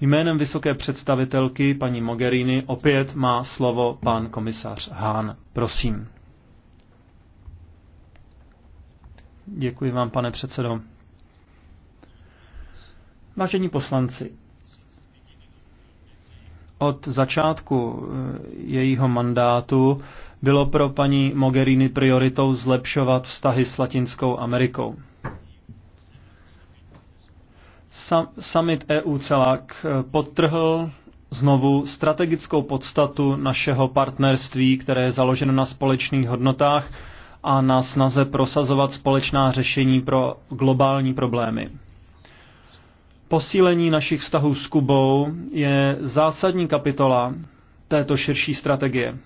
Jménem vysoké představitelky paní Mogherini opět má slovo pan komisař Hahn. Prosím. Děkuji vám, pane předsedo. Vážení poslanci, od začátku eh, jejího mandátu bylo pro paní Mogherini prioritou zlepšovat vztahy s Latinskou Amerikou. Summit EU celák eh, podtrhl znovu strategickou podstatu našeho partnerství, které je založeno na společných hodnotách a na snaze prosazovat společná řešení pro globální problémy. Posílení našich vztahů s Kubou je zásadní kapitola této širší strategie.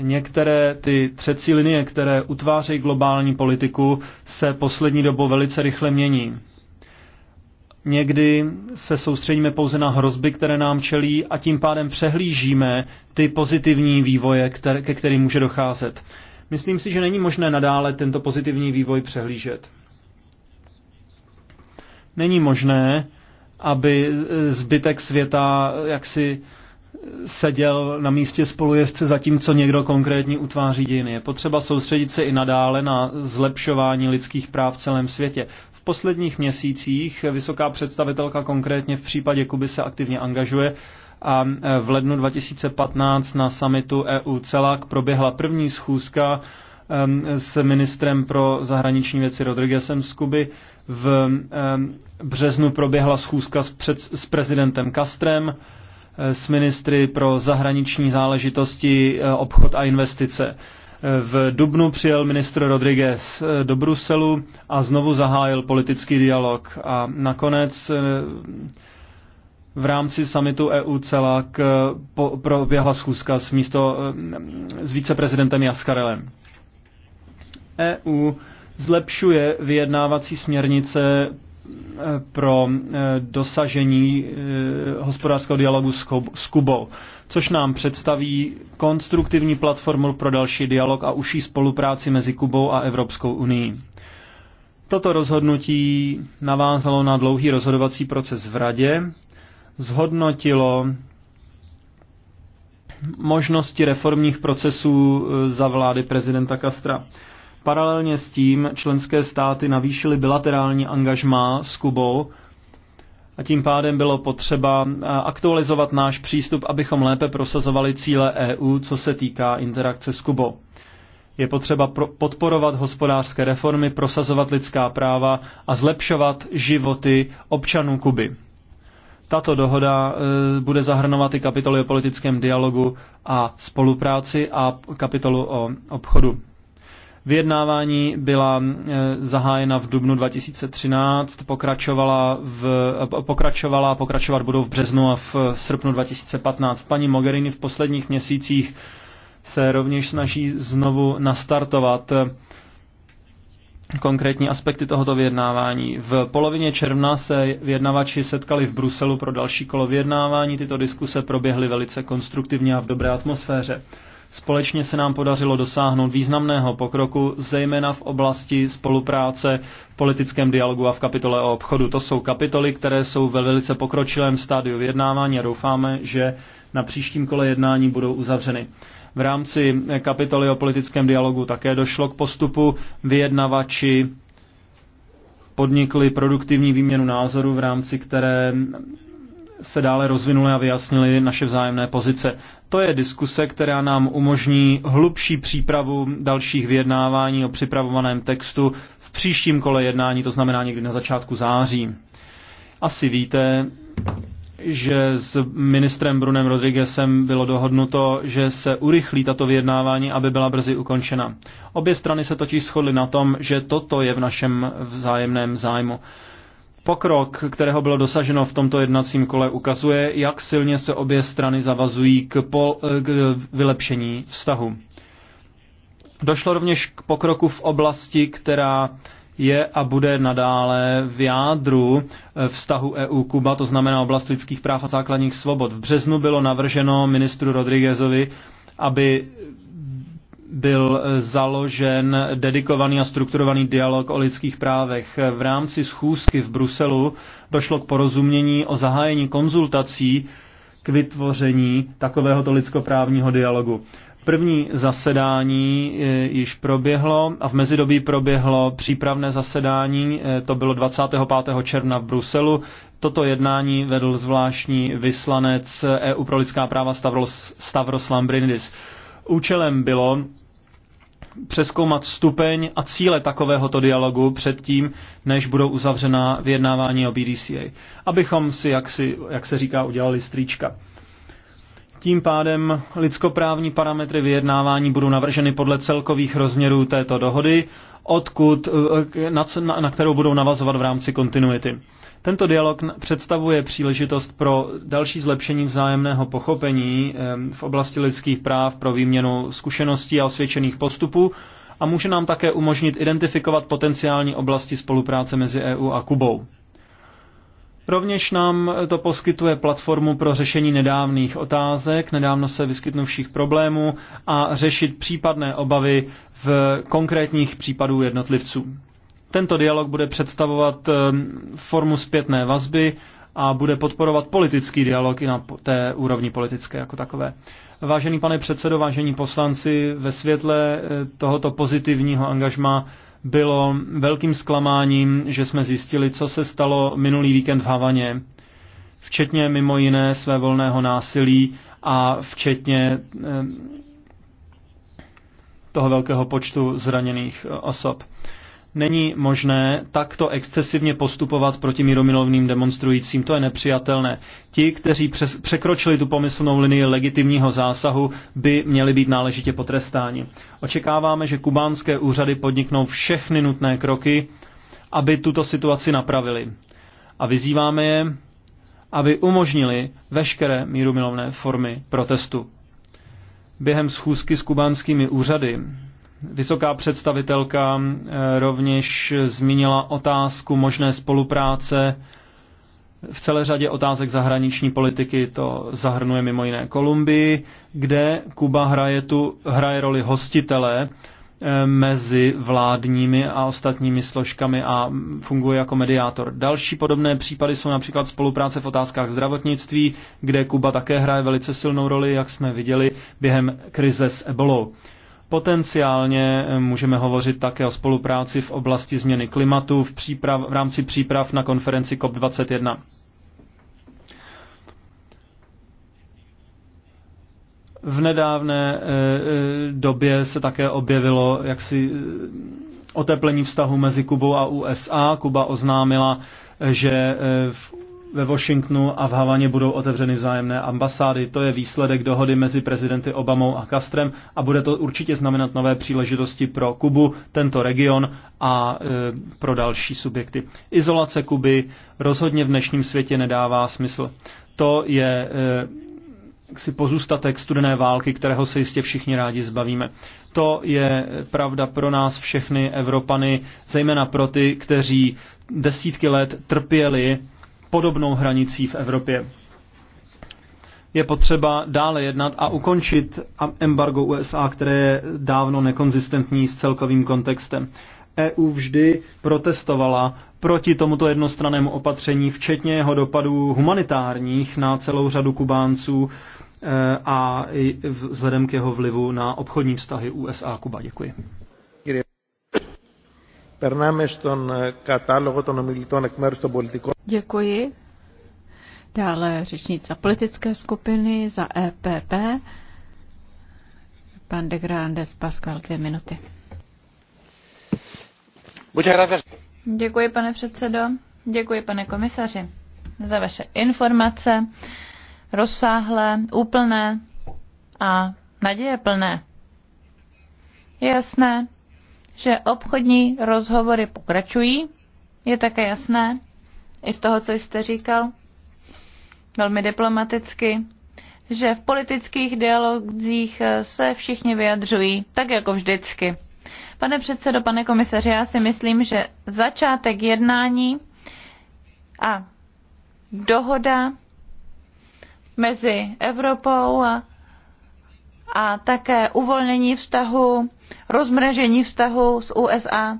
Některé ty třecí linie, které utvářejí globální politiku, se poslední dobou velice rychle mění. Někdy se soustředíme pouze na hrozby, které nám čelí a tím pádem přehlížíme ty pozitivní vývoje, které, ke kterým může docházet. Myslím si, že není možné nadále tento pozitivní vývoj přehlížet. Není možné, aby zbytek světa jaksi seděl na místě spolujezdce, zatímco někdo konkrétní utváří dějiny. Je potřeba soustředit se i nadále na zlepšování lidských práv v celém světě. V posledních měsících vysoká představitelka konkrétně v případě Kuby se aktivně angažuje a v lednu 2015 na samitu EU CELAC proběhla první schůzka um, s ministrem pro zahraniční věci Rodriguezem z Kuby. V um, březnu proběhla schůzka s, před, s prezidentem Kastrem s ministry pro zahraniční záležitosti, eh, obchod a investice. V Dubnu přijel ministr Rodriguez eh, do Bruselu a znovu zahájil politický dialog. A nakonec eh, v rámci samitu EU CELAC proběhla schůzka s, místo, s viceprezidentem Jaskarelem. EU zlepšuje vyjednávací směrnice pro eh, dosažení eh, hospodářského dialogu s Kubou, což nám představí konstruktivní platformu pro další dialog a užší spolupráci mezi Kubou a Evropskou unii. Toto rozhodnutí navázalo na dlouhý rozhodovací proces v Radě, zhodnotilo možnosti reformních procesů eh, za vlády prezidenta Castra. Paralelně s tím členské státy navýšily bilaterální angažmá s Kubou a tím pádem bylo potřeba eh, aktualizovat náš přístup, abychom lépe prosazovali cíle EU, co se týká interakce s Kubou. Je potřeba podporovat hospodářské reformy, prosazovat lidská práva a zlepšovat životy občanů Kuby. Tato dohoda eh, bude zahrnovat i kapitoly o politickém dialogu a spolupráci a kapitolu o obchodu. Vyjednávání byla eh, zahájena v dubnu 2013, pokračovala, v, eh, pokračovala a pokračovat budou v březnu a v eh, srpnu 2015. Paní Mogherini v posledních měsících se rovněž snaží znovu nastartovat konkrétní aspekty tohoto vyjednávání. V polovině června se vyjednavači setkali v Bruselu pro další kolo vyjednávání. Tyto diskuse proběhly velice konstruktivně a v dobré atmosféře. Společně se nám podařilo dosáhnout významného pokroku, zejména v oblasti spolupráce v politickém dialogu a v kapitole o obchodu. To jsou kapitoly, které jsou ve velice pokročilém stádiu vyjednávání a doufáme, že na příštím kole jednání budou uzavřeny. V rámci kapitoly o politickém dialogu také došlo k postupu. Vyjednavači podnikli produktivní výměnu názorů, v rámci které se dále rozvinuli a vyjasnili naše vzájemné pozice. To je diskuse, která nám umožní hlubší přípravu dalších vyjednávání o připravovaném textu v příštím kole jednání, to znamená někdy na začátku září. Asi víte, že s ministrem Brunem Rodriguezem bylo dohodnuto, že se urychlí tato vyjednávání, aby byla brzy ukončena. Obě strany se totiž shodly na tom, že toto je v našem vzájemném zájmu. Pokrok, kterého bylo dosaženo v tomto jednacím kole, ukazuje, jak silně se obě strany zavazují k, pol, k vylepšení vztahu. Došlo rovněž k pokroku v oblasti, která je a bude nadále v jádru eh, vztahu EU-Kuba, to znamená oblast lidských práv a základních svobod. V březnu bylo navrženo ministru Rodriguezovi, aby byl eh, založen dedikovaný a strukturovaný dialog o lidských právech. V rámci schůzky v Bruselu došlo k porozumění o zahájení konzultací k vytvoření takovéhoto lidskoprávního dialogu. První zasedání eh, již proběhlo a v mezidobí proběhlo přípravné zasedání, eh, to bylo 25. června v Bruselu. Toto jednání vedl zvláštní vyslanec EU e pro lidská práva Stavros, Stavros Lambrindis. Účelem bylo přeskoumat stupeň a cíle takovéhoto dialogu předtím, než budou uzavřena vyjednávání o BDCA. Abychom si, jak, si, jak se říká, udělali strýčka. Tím pádem lidskoprávní parametry vyjednávání budou navrženy podle celkových rozměrů této dohody, odkud, eh, na, na, na kterou budou navazovat v rámci kontinuity. Tento dialog představuje příležitost pro další zlepšení vzájemného pochopení v oblasti lidských práv pro výměnu zkušeností a osvědčených postupů a může nám také umožnit identifikovat potenciální oblasti spolupráce mezi EU a Kubou. Rovněž nám to poskytuje platformu pro řešení nedávných otázek, nedávno se vyskytnuvších problémů a řešit případné obavy v konkrétních případů jednotlivců. Tento dialog bude představovat eh, formu zpětné vazby a bude podporovat politický dialog i na té úrovni politické jako takové. Vážený pane předsedo, vážení poslanci, ve světle eh, tohoto pozitivního angažma bylo velkým zklamáním, že jsme zjistili, co se stalo minulý víkend v Havaně, včetně mimo jiné své volného násilí a včetně eh, toho velkého počtu zraněných osob není možné takto excesivně postupovat proti míromilovným demonstrujícím. To je nepřijatelné. Ti, kteří přes, překročili tu pomyslnou linii legitimního zásahu, by měli být náležitě potrestáni. Očekáváme, že kubánské úřady podniknou všechny nutné kroky, aby tuto situaci napravili. A vyzýváme je, aby umožnili veškeré mírumilovné formy protestu. Během schůzky s kubánskými úřady Vysoká představitelka eh, rovněž zmínila otázku možné spolupráce v celé řadě otázek zahraniční politiky. To zahrnuje mimo jiné Kolumbii, kde Kuba hraje, tu, hraje roli hostitele eh, mezi vládními a ostatními složkami a funguje jako mediátor. Další podobné případy jsou například spolupráce v otázkách zdravotnictví, kde Kuba také hraje velice silnou roli, jak jsme viděli během krize s ebolou. Potenciálně eh, můžeme hovořit také o spolupráci v oblasti změny klimatu v, příprav, v rámci příprav na konferenci COP21. V nedávné eh, eh, době se také objevilo jaksi oteplení vztahu mezi Kubou a USA. Kuba oznámila, že v ve Washingtonu a v Havaně budou otevřeny vzájemné ambasády. To je výsledek dohody mezi prezidenty Obamou a Castrem a bude to určitě znamenat nové příležitosti pro Kubu, tento region a e, pro další subjekty. Izolace Kuby rozhodně v dnešním světě nedává smysl. To je e, si pozůstatek studené války, kterého se jistě všichni rádi zbavíme. To je pravda pro nás všechny Evropany, zejména pro ty, kteří desítky let trpěli podobnou hranicí v Evropě. Je potřeba dále jednat a ukončit embargo USA, které je dávno nekonzistentní s celkovým kontextem. EU vždy protestovala proti tomuto jednostrannému opatření, včetně jeho dopadů humanitárních na celou řadu Kubánců e, a i vzhledem k jeho vlivu na obchodní vztahy USA-Kuba. Děkuji. Děkuji. Dále řečnice politické skupiny za EPP. Pan de Grandes Pascal, dvě minuty. Děkuji, pane předsedo. Děkuji, pane komisaři, za vaše informace, rozsáhlé, úplné a naděje Je jasné, že obchodní rozhovory pokračují. Je také jasné, i z toho, co jste říkal, velmi diplomaticky, že v politických dialogzích se všichni vyjadřují, tak jako vždycky. Pane předsedo, pane komisaři, já si myslím, že začátek jednání a dohoda mezi Evropou a a také uvolnění vztahu, rozmražení vztahu s USA.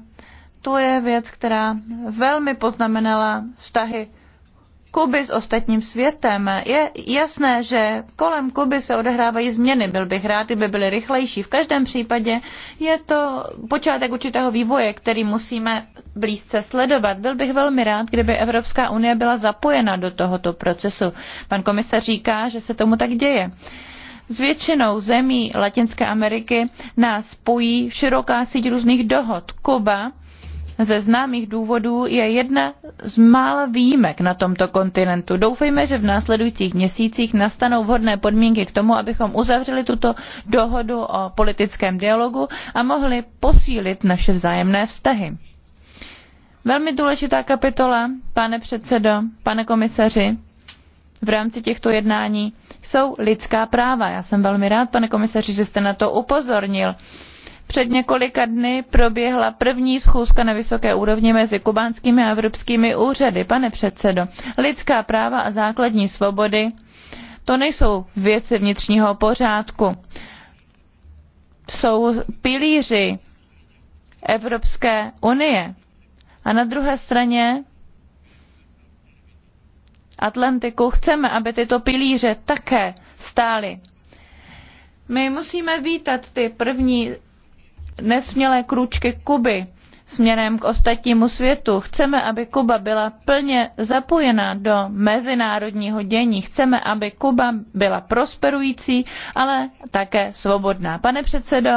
To je věc, která velmi poznamenala vztahy Kuby s ostatním světem. Je jasné, že kolem Kuby se odehrávají změny. Byl bych rád, kdyby byly rychlejší. V každém případě je to počátek určitého vývoje, který musíme blízce sledovat. Byl bych velmi rád, kdyby Evropská unie byla zapojena do tohoto procesu. Pan komisař říká, že se tomu tak děje s většinou zemí Latinské Ameriky nás spojí široká síť různých dohod. Kuba ze známých důvodů je jedna z mála výjimek na tomto kontinentu. Doufejme, že v následujících měsících nastanou vhodné podmínky k tomu, abychom uzavřeli tuto dohodu o politickém dialogu a mohli posílit naše vzájemné vztahy. Velmi důležitá kapitola, pane předsedo, pane komisaři, v rámci těchto jednání jsou lidská práva. Já jsem velmi rád, pane komisaři, že jste na to upozornil. Před několika dny proběhla první schůzka na vysoké úrovni mezi kubánskými a evropskými úřady. Pane předsedo, lidská práva a základní svobody to nejsou věci vnitřního pořádku. Jsou pilíři Evropské unie. A na druhé straně Atlantiku, chceme, aby tyto pilíře také stály. My musíme vítat ty první nesmělé krůčky Kuby směrem k ostatnímu světu. Chceme, aby Kuba byla plně zapojena do mezinárodního dění. Chceme, aby Kuba byla prosperující, ale také svobodná. Pane předsedo,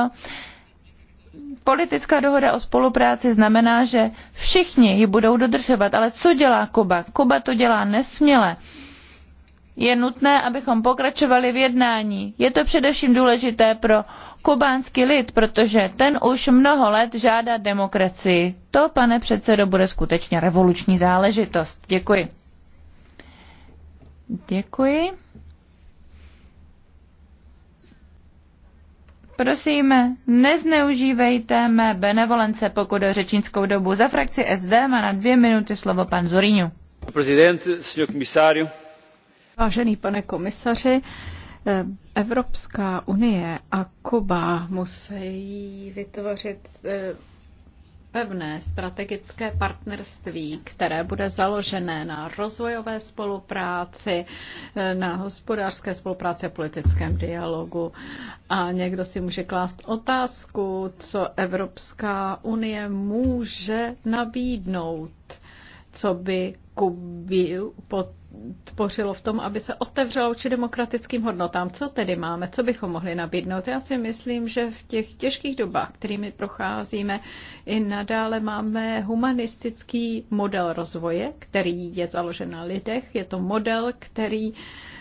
politická dohoda o spolupráci znamená, že všichni ji budou dodržovat. Ale co dělá Kuba? Kuba to dělá nesměle. Je nutné, abychom pokračovali v jednání. Je to především důležité pro kubánský lid, protože ten už mnoho let žádá demokracii. To, pane předsedo, bude skutečně revoluční záležitost. Děkuji. Děkuji. Prosím, nezneužívejte mé benevolence, pokud o řečnickou dobu. Za frakci SD má na dvě minuty slovo pan Zorinu. Vážený pane komisaři, eh, Evropská unie a Kuba musí vytvořit eh, pevné strategické partnerství, které bude založené na rozvojové spolupráci, na hospodářské spolupráci a politickém dialogu. A někdo si může klást otázku, co Evropská unie může nabídnout, co by Kubu pod tvořilo v tom, aby se otevřelo oči demokratickým hodnotám. Co tedy máme, co bychom mohli nabídnout? Já si myslím, že v těch těžkých dobách, kterými procházíme, i nadále máme humanistický model rozvoje, který je založen na lidech. Je to model, který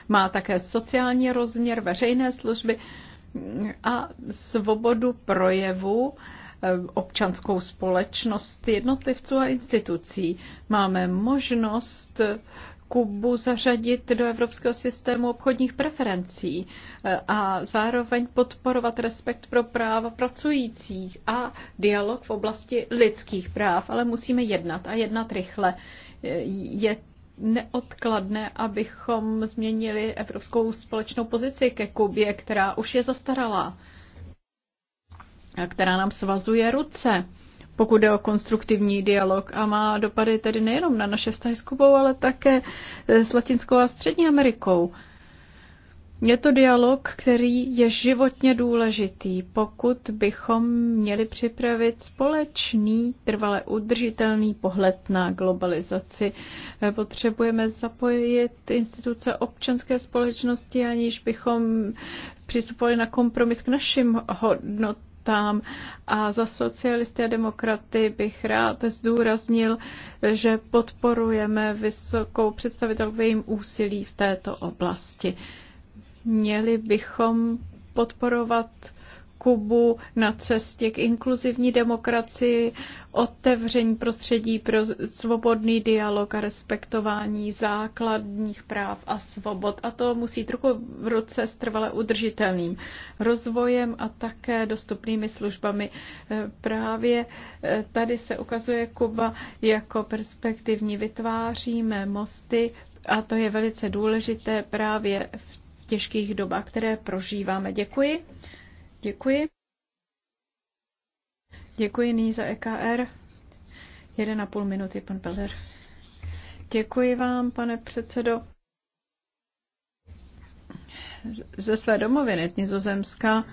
má také sociální rozměr, veřejné služby a svobodu projevu eh, občanskou společnost jednotlivců a institucí. Máme možnost eh, Kubu zařadit do evropského systému obchodních preferencí eh, a zároveň podporovat respekt pro práva pracujících a dialog v oblasti lidských práv, ale musíme jednat a jednat rychle. Eh, je neodkladné, abychom změnili evropskou společnou pozici ke Kubě, která už je zastaralá, která nám svazuje ruce pokud jde o konstruktivní dialog a má dopady tedy nejenom na naše vztahy s Kubou, ale také eh, s Latinskou a Střední Amerikou. Je to dialog, který je životně důležitý, pokud bychom měli připravit společný, trvale udržitelný pohled na globalizaci. Eh, potřebujeme zapojit instituce občanské společnosti, aniž bychom přistupovali na kompromis k našim hodnotám tam. A za socialisty a demokraty bych rád zdůraznil, že podporujeme vysokou představitelku v jejím úsilí v této oblasti. Měli bychom podporovat Kubu na cestě k inkluzivní demokracii, otevření prostředí pro svobodný dialog a respektování základních práv a svobod. A to musí trochu v ruce s trvale udržitelným rozvojem a také dostupnými službami. E, právě e, tady se ukazuje Kuba jako perspektivní. Vytváříme mosty a to je velice důležité právě v těžkých dobách, které prožíváme. Děkuji. Děkuji. Děkuji nyní za EKR. Jeden a půl minuty, pan Peller. Děkuji vám, pane předsedo. Ze své domoviny z Nizozemska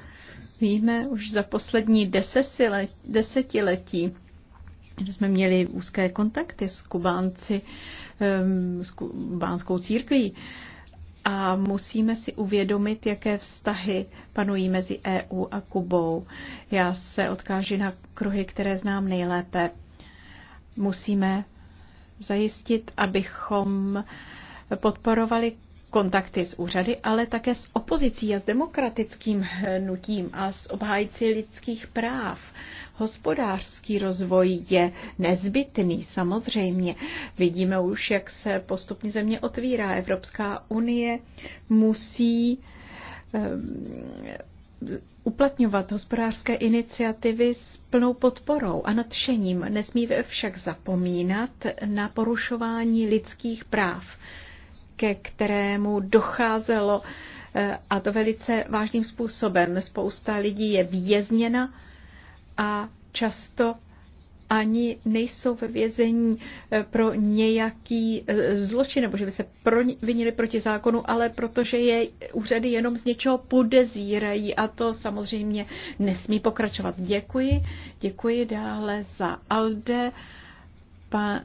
víme už za poslední desetiletí, že jsme měli úzké kontakty s kubánci, ehm, s kubánskou církví a musíme si uvědomit, jaké vztahy panují mezi EU a Kubou. Já se odkážu na kruhy, které znám nejlépe. Musíme zajistit, abychom podporovali kontakty s úřady, ale také s opozicí a s demokratickým hnutím a s obhájci lidských práv. Hospodářský rozvoj je nezbytný, samozřejmě. Vidíme už, jak se postupně země otvírá. Evropská unie musí ehm, uplatňovat hospodářské iniciativy s plnou podporou a nadšením. Nesmí však zapomínat na porušování lidských práv, ke kterému docházelo eh, a to velice vážným způsobem. Spousta lidí je vězněna a často ani nejsou ve vězení eh, pro nějaký eh, zločin, nebo že by se pro, vinili proti zákonu, ale protože je úřady jenom z něčeho podezírají a to samozřejmě nesmí pokračovat. Děkuji. Děkuji dále za Alde, pan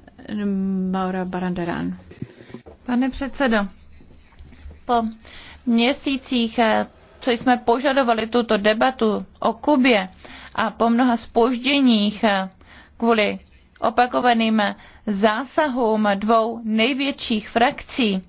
Maura Barandaran. Pane předsedo, po měsících, eh, co jsme požadovali tuto debatu o Kubě, a po mnoha spožděních kvůli opakovaným zásahům dvou největších frakcí,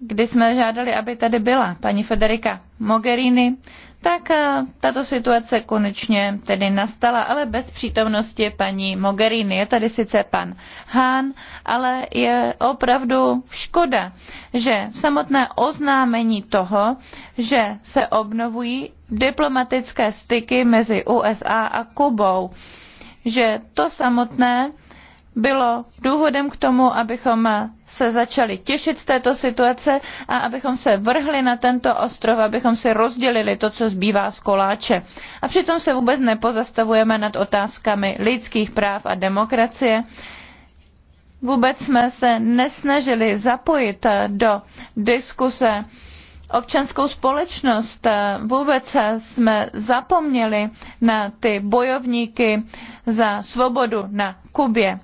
kdy jsme žádali, aby tady byla paní Federica Mogherini, tak eh, tato situace konečně tedy nastala, ale bez přítomnosti paní Mogherini. Je tady sice pan Hán, ale je opravdu škoda, že samotné oznámení toho, že se obnovují diplomatické styky mezi USA a Kubou, že to samotné bylo důvodem k tomu, abychom se začali těšit z této situace a abychom se vrhli na tento ostrov, abychom si rozdělili to, co zbývá z koláče. A přitom se vůbec nepozastavujeme nad otázkami lidských práv a demokracie. Vůbec jsme se nesnažili zapojit do diskuse občanskou společnost. Vůbec jsme zapomněli na ty bojovníky za svobodu na Kubě.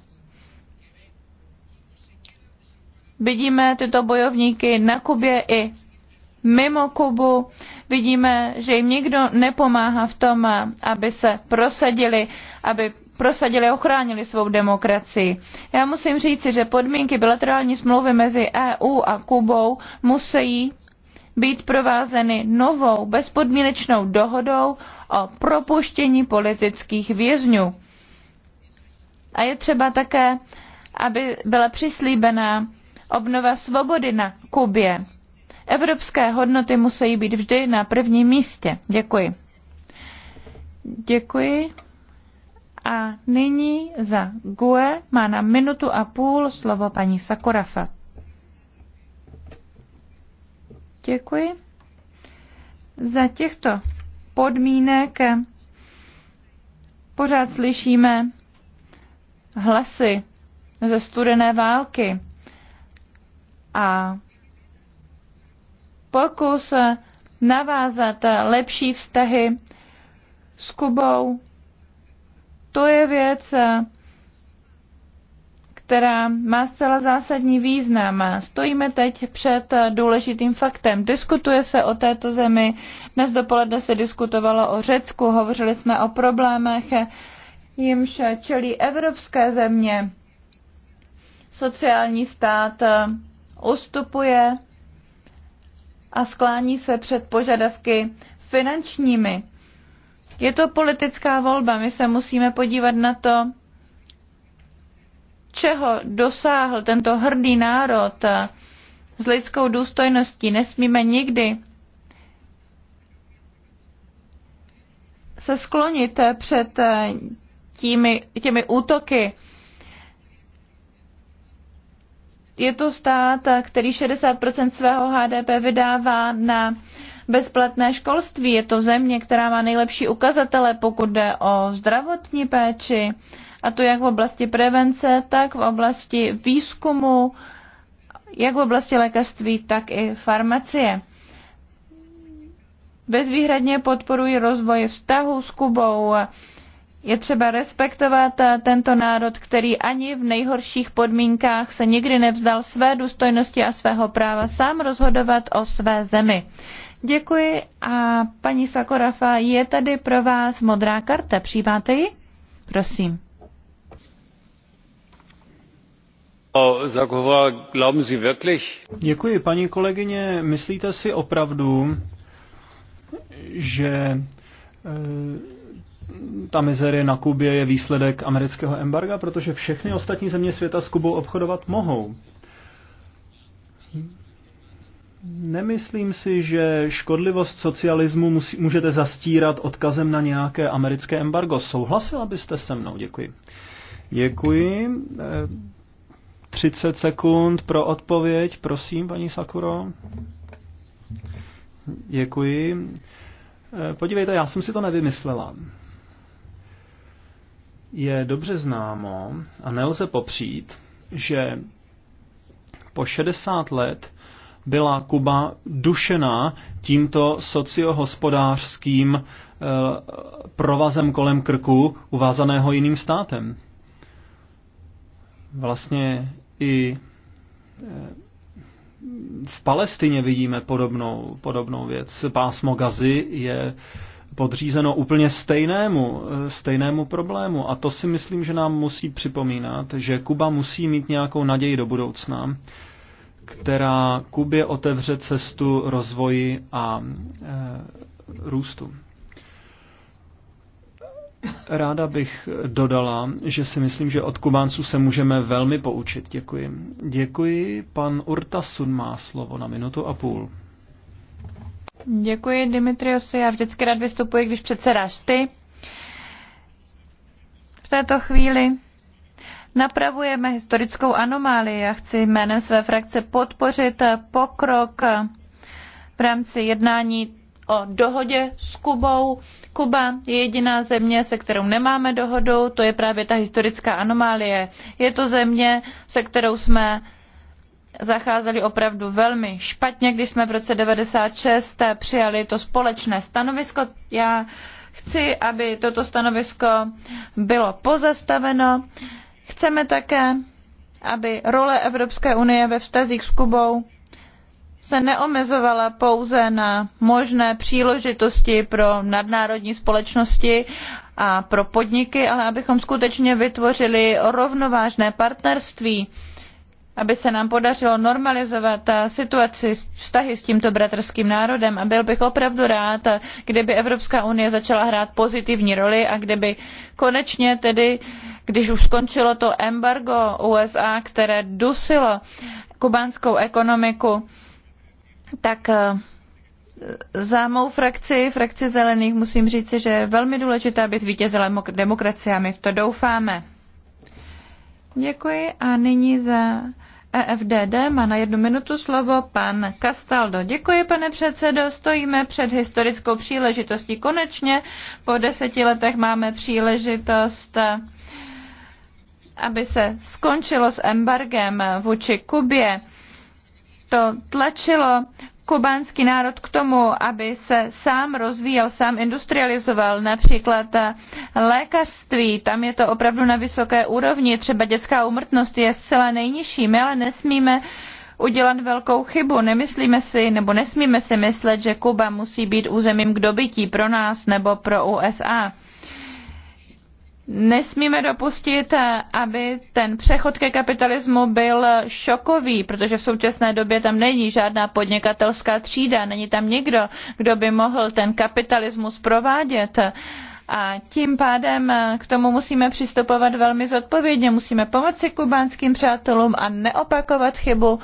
Vidíme tyto bojovníky na Kubě i mimo Kubu. Vidíme, že jim nikdo nepomáhá v tom, aby se prosadili, aby prosadili a ochránili svou demokracii. Já musím říci, že podmínky bilaterální smlouvy mezi EU a Kubou musí být provázeny novou bezpodmínečnou dohodou o propuštění politických vězňů. A je třeba také, aby byla přislíbená obnova svobody na Kubě. Evropské hodnoty musí být vždy na prvním místě. Děkuji. Děkuji. A nyní za GUE má na minutu a půl slovo paní Sakorafa. Děkuji. Za těchto podmínek pořád slyšíme hlasy ze studené války a pokus navázat lepší vztahy s Kubou, to je věc, která má zcela zásadní význam. Stojíme teď před důležitým faktem. Diskutuje se o této zemi. Dnes dopoledne se diskutovalo o Řecku, hovořili jsme o problémech, jimž čelí evropské země. Sociální stát, ustupuje a sklání se před požadavky finančními. Je to politická volba. My se musíme podívat na to, čeho dosáhl tento hrdý národ s lidskou důstojností. Nesmíme nikdy se sklonit před eh, těmi, těmi útoky je to stát, který 60% svého HDP vydává na bezplatné školství. Je to země, která má nejlepší ukazatele, pokud jde o zdravotní péči, a to jak v oblasti prevence, tak v oblasti výzkumu, jak v oblasti lékařství, tak i farmacie. Bezvýhradně podporují rozvoj vztahu s Kubou, je třeba respektovat eh, tento národ, který ani v nejhorších podmínkách se nikdy nevzdal své důstojnosti a svého práva sám rozhodovat o své zemi. Děkuji a paní Sakorafa, je tady pro vás modrá karta, přijímáte ji? Prosím. Děkuji, paní kolegyně. Myslíte si opravdu, že eh, ta mizerie na Kubě je výsledek amerického embarga, protože všechny ostatní země světa s Kubou obchodovat mohou. Nemyslím si, že škodlivost socialismu musí, můžete zastírat odkazem na nějaké americké embargo. Souhlasila byste se mnou? Děkuji. Děkuji. 30 eh, sekund pro odpověď. Prosím, paní Sakuro. Děkuji. Eh, podívejte, já jsem si to nevymyslela je dobře známo a nelze popřít, že po 60 let byla Kuba dušena tímto sociohospodářským eh, provazem kolem krku uvázaného jiným státem. Vlastně i eh, v Palestině vidíme podobnou, podobnou věc. Pásmo Gazy je podřízeno úplně stejnému, eh, stejnému problému. A to si myslím, že nám musí připomínat, že Kuba musí mít nějakou naději do budoucna, která Kubě otevře cestu rozvoji a e, růstu. Ráda bych dodala, že si myslím, že od Kubánců se můžeme velmi poučit. Děkuji. Děkuji. Pan Urtasun má slovo na minutu a půl. Děkuji, Dimitriosi. Já vždycky rád vystupuji, když předsedáš ty. V této chvíli napravujeme historickou anomálii. Já chci jménem své frakce podpořit pokrok v rámci jednání o dohodě s Kubou. Kuba je jediná země, se kterou nemáme dohodu, to je právě ta historická anomálie. Je to země, se kterou jsme zacházeli opravdu velmi špatně, když jsme v roce 96 přijali to společné stanovisko. Já chci, aby toto stanovisko bylo pozastaveno. Chceme také, aby role Evropské unie ve vztazích s Kubou se neomezovala pouze na možné příležitosti pro nadnárodní společnosti a pro podniky, ale abychom skutečně vytvořili rovnovážné partnerství aby se nám podařilo normalizovat eh, situaci, vztahy s tímto bratrským národem a byl bych opravdu rád, eh, kdyby Evropská unie začala hrát pozitivní roli a kdyby konečně tedy, když už skončilo to embargo USA, které dusilo kubánskou ekonomiku, tak eh, za mou frakci, frakci zelených, musím říci, že je velmi důležité, aby zvítězila demokracie a my v to doufáme. Děkuji a nyní za EFDD má na jednu minutu slovo pan Castaldo. Děkuji, pane předsedo. Stojíme před historickou příležitostí. Konečně po deseti letech máme příležitost aby se skončilo s embargem vůči Kubě. To tlačilo kubánský národ k tomu, aby se sám rozvíjel, sám industrializoval, například eh, lékařství, tam je to opravdu na vysoké úrovni, třeba dětská úmrtnost je zcela nejnižší, my ale nesmíme udělat velkou chybu. Nemyslíme si, nebo nesmíme si myslet, že Kuba musí být územím k dobytí pro nás nebo pro USA. Nesmíme dopustit, aby ten přechod ke kapitalismu byl šokový, protože v současné době tam není žádná podnikatelská třída, není tam nikdo, kdo by mohl ten kapitalismus provádět. A tím pádem k tomu musíme přistupovat velmi zodpovědně, musíme pomoci kubánským přátelům a neopakovat chybu,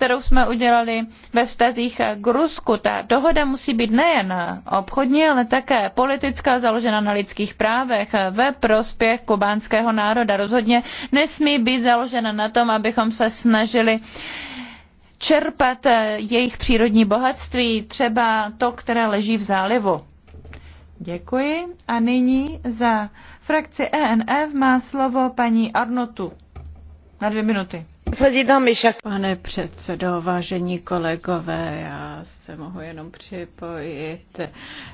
kterou jsme udělali ve vztazích k Rusku. Ta dohoda musí být nejen obchodní, ale také politická, založena na lidských právech ve prospěch kubánského národa. Rozhodně nesmí být založena na tom, abychom se snažili čerpat jejich přírodní bohatství, třeba to, které leží v zálivu. Děkuji. A nyní za frakci ENF má slovo paní Arnotu. Na dvě minuty. Pane předsedo, vážení kolegové, já se mohu jenom připojit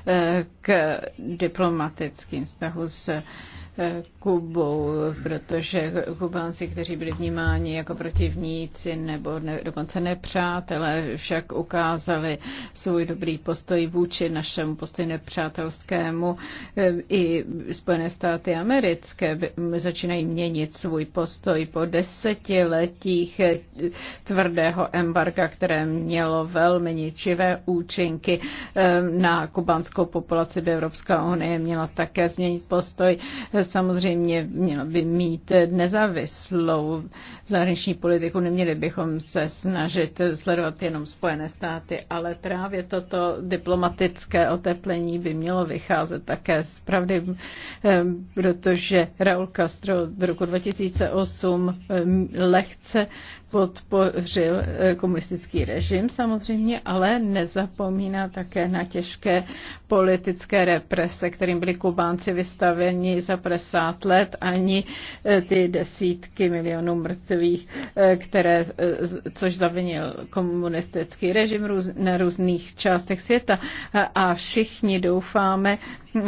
eh, k diplomatickým vztahu s eh, Kubou, protože Kubánci, kteří byli vnímáni jako protivníci nebo ne, dokonce nepřátelé, však ukázali svůj dobrý postoj vůči našemu postoji nepřátelskému. Eh, I Spojené státy americké začínají měnit svůj postoj po desetiletí oblastích eh, tvrdého embarga, které mělo velmi ničivé účinky eh, na kubánskou populaci do Evropská unie, měla také změnit postoj. Eh, samozřejmě měla by mít nezávislou zahraniční politiku, neměli bychom se snažit sledovat jenom Spojené státy, ale právě toto diplomatické oteplení by mělo vycházet také z pravdy, protože Raúl Castro v roku 2008 lehce se podpořil eh, komunistický režim samozřejmě, ale nezapomíná také na těžké politické represe, kterým byli Kubánci vystaveni za 50 let, ani eh, ty desítky milionů mrtvých, eh, které, což zavinil komunistický režim na různých částech světa. A všichni doufáme,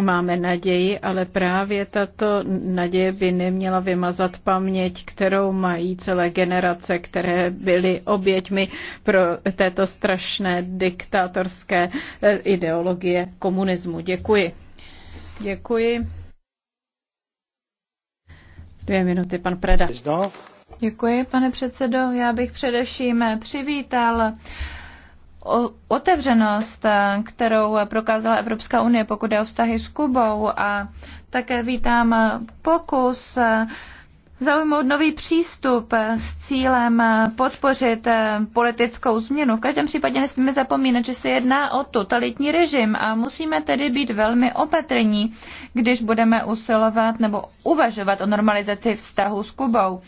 máme naději, ale právě tato naděje by neměla vymazat paměť, kterou mají celé generace, které byly oběťmi pro této strašné diktátorské eh, ideologie komunismu. Děkuji. Děkuji. Dvě minuty, pan Preda. Děkuji, pane předsedo. Já bych především přivítal otevřenost, eh, kterou prokázala Evropská unie, pokud je o vztahy s Kubou a také vítám pokus eh, zaujmout nový přístup s cílem podpořit politickou změnu. V každém případě nesmíme zapomínat, že se jedná o totalitní režim a musíme tedy být velmi opatrní, když budeme usilovat nebo uvažovat o normalizaci vztahu s Kubou.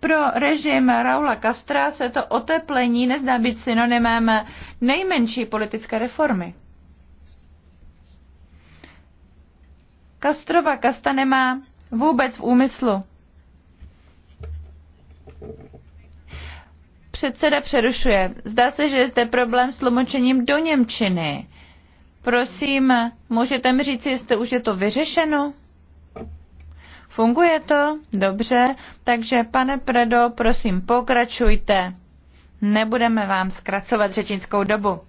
Pro režim Raula Castra se to oteplení nezdá být synonymem nejmenší politické reformy. Castrova Kasta nemá vůbec v úmyslu Předseda přerušuje. Zdá se, že je zde problém s tlumočením do Němčiny. Prosím, můžete mi říct, jestli už je to vyřešeno? Funguje to? Dobře. Takže, pane Predo, prosím, pokračujte. Nebudeme vám zkracovat řečnickou dobu.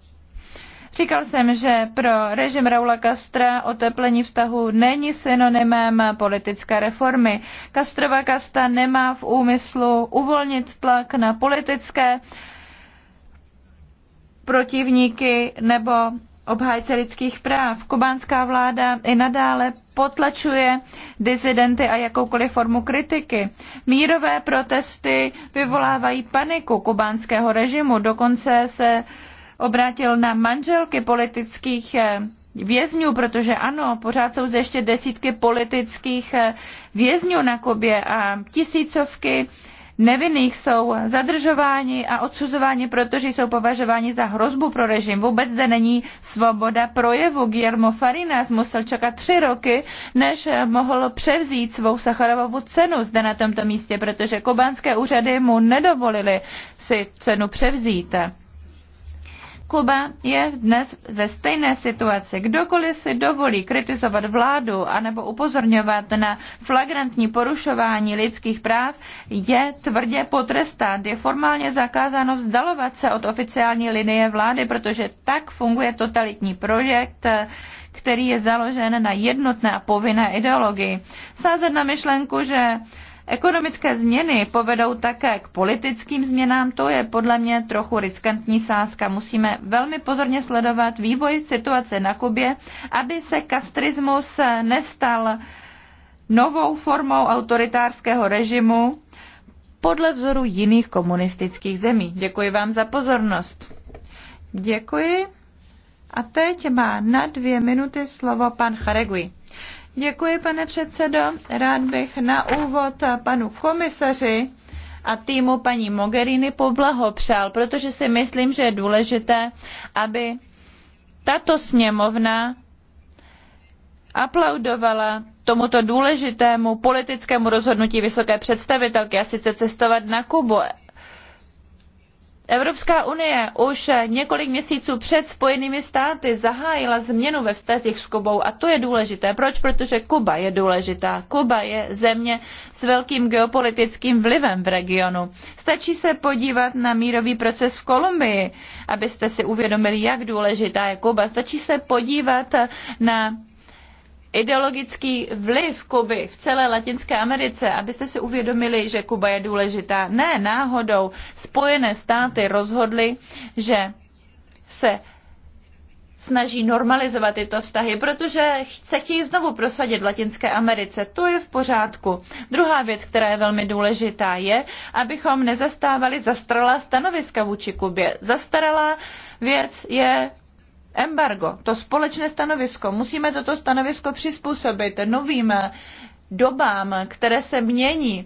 Říkal jsem, že pro režim Raula Castra oteplení vztahu není synonymem politické reformy. Castrova kasta nemá v úmyslu uvolnit tlak na politické protivníky nebo obhájce lidských práv. Kubánská vláda i nadále potlačuje dizidenty a jakoukoliv formu kritiky. Mírové protesty vyvolávají paniku kubánského režimu, dokonce se obrátil na manželky politických eh, vězňů, protože ano, pořád jsou zde ještě desítky politických eh, vězňů na Kubě a tisícovky nevinných jsou zadržováni a odsuzováni, protože jsou považováni za hrozbu pro režim. Vůbec zde není svoboda projevu. Guillermo Farinas musel čekat tři roky, než eh, mohl převzít svou Sacharovovu cenu zde na tomto místě, protože kubánské úřady mu nedovolily si cenu převzít. Kuba je dnes ve stejné situaci. Kdokoliv si dovolí kritizovat vládu anebo upozorňovat na flagrantní porušování lidských práv, je tvrdě potrestán. Je formálně zakázáno vzdalovat se od oficiální linie vlády, protože tak funguje totalitní projekt, který je založen na jednotné a povinné ideologii. Sázet na myšlenku, že Ekonomické změny povedou také k politickým změnám, to je podle mě trochu riskantní sázka. Musíme velmi pozorně sledovat vývoj situace na Kubě, aby se kastrismus nestal novou formou autoritářského režimu podle vzoru jiných komunistických zemí. Děkuji vám za pozornost. Děkuji. A teď má na dvě minuty slovo pan Charegui. Děkuji, pane předsedo. Rád bych na úvod panu komisaři a týmu paní Mogherini poblahopřál, protože si myslím, že je důležité, aby tato sněmovna aplaudovala tomuto důležitému politickému rozhodnutí vysoké představitelky a sice cestovat na Kubu. Evropská unie už několik měsíců před Spojenými státy zahájila změnu ve vztazích s Kubou a to je důležité. Proč? Protože Kuba je důležitá. Kuba je země s velkým geopolitickým vlivem v regionu. Stačí se podívat na mírový proces v Kolumbii, abyste si uvědomili, jak důležitá je Kuba. Stačí se podívat na ideologický vliv Kuby v celé Latinské Americe, abyste si uvědomili, že Kuba je důležitá. Ne, náhodou Spojené státy rozhodly, že se snaží normalizovat tyto vztahy, protože se chtějí znovu prosadit v Latinské Americe. To je v pořádku. Druhá věc, která je velmi důležitá, je, abychom nezastávali zastaralá stanoviska vůči Kubě. Zastaralá věc je embargo, to společné stanovisko, musíme toto stanovisko přizpůsobit novým eh, dobám, které se mění.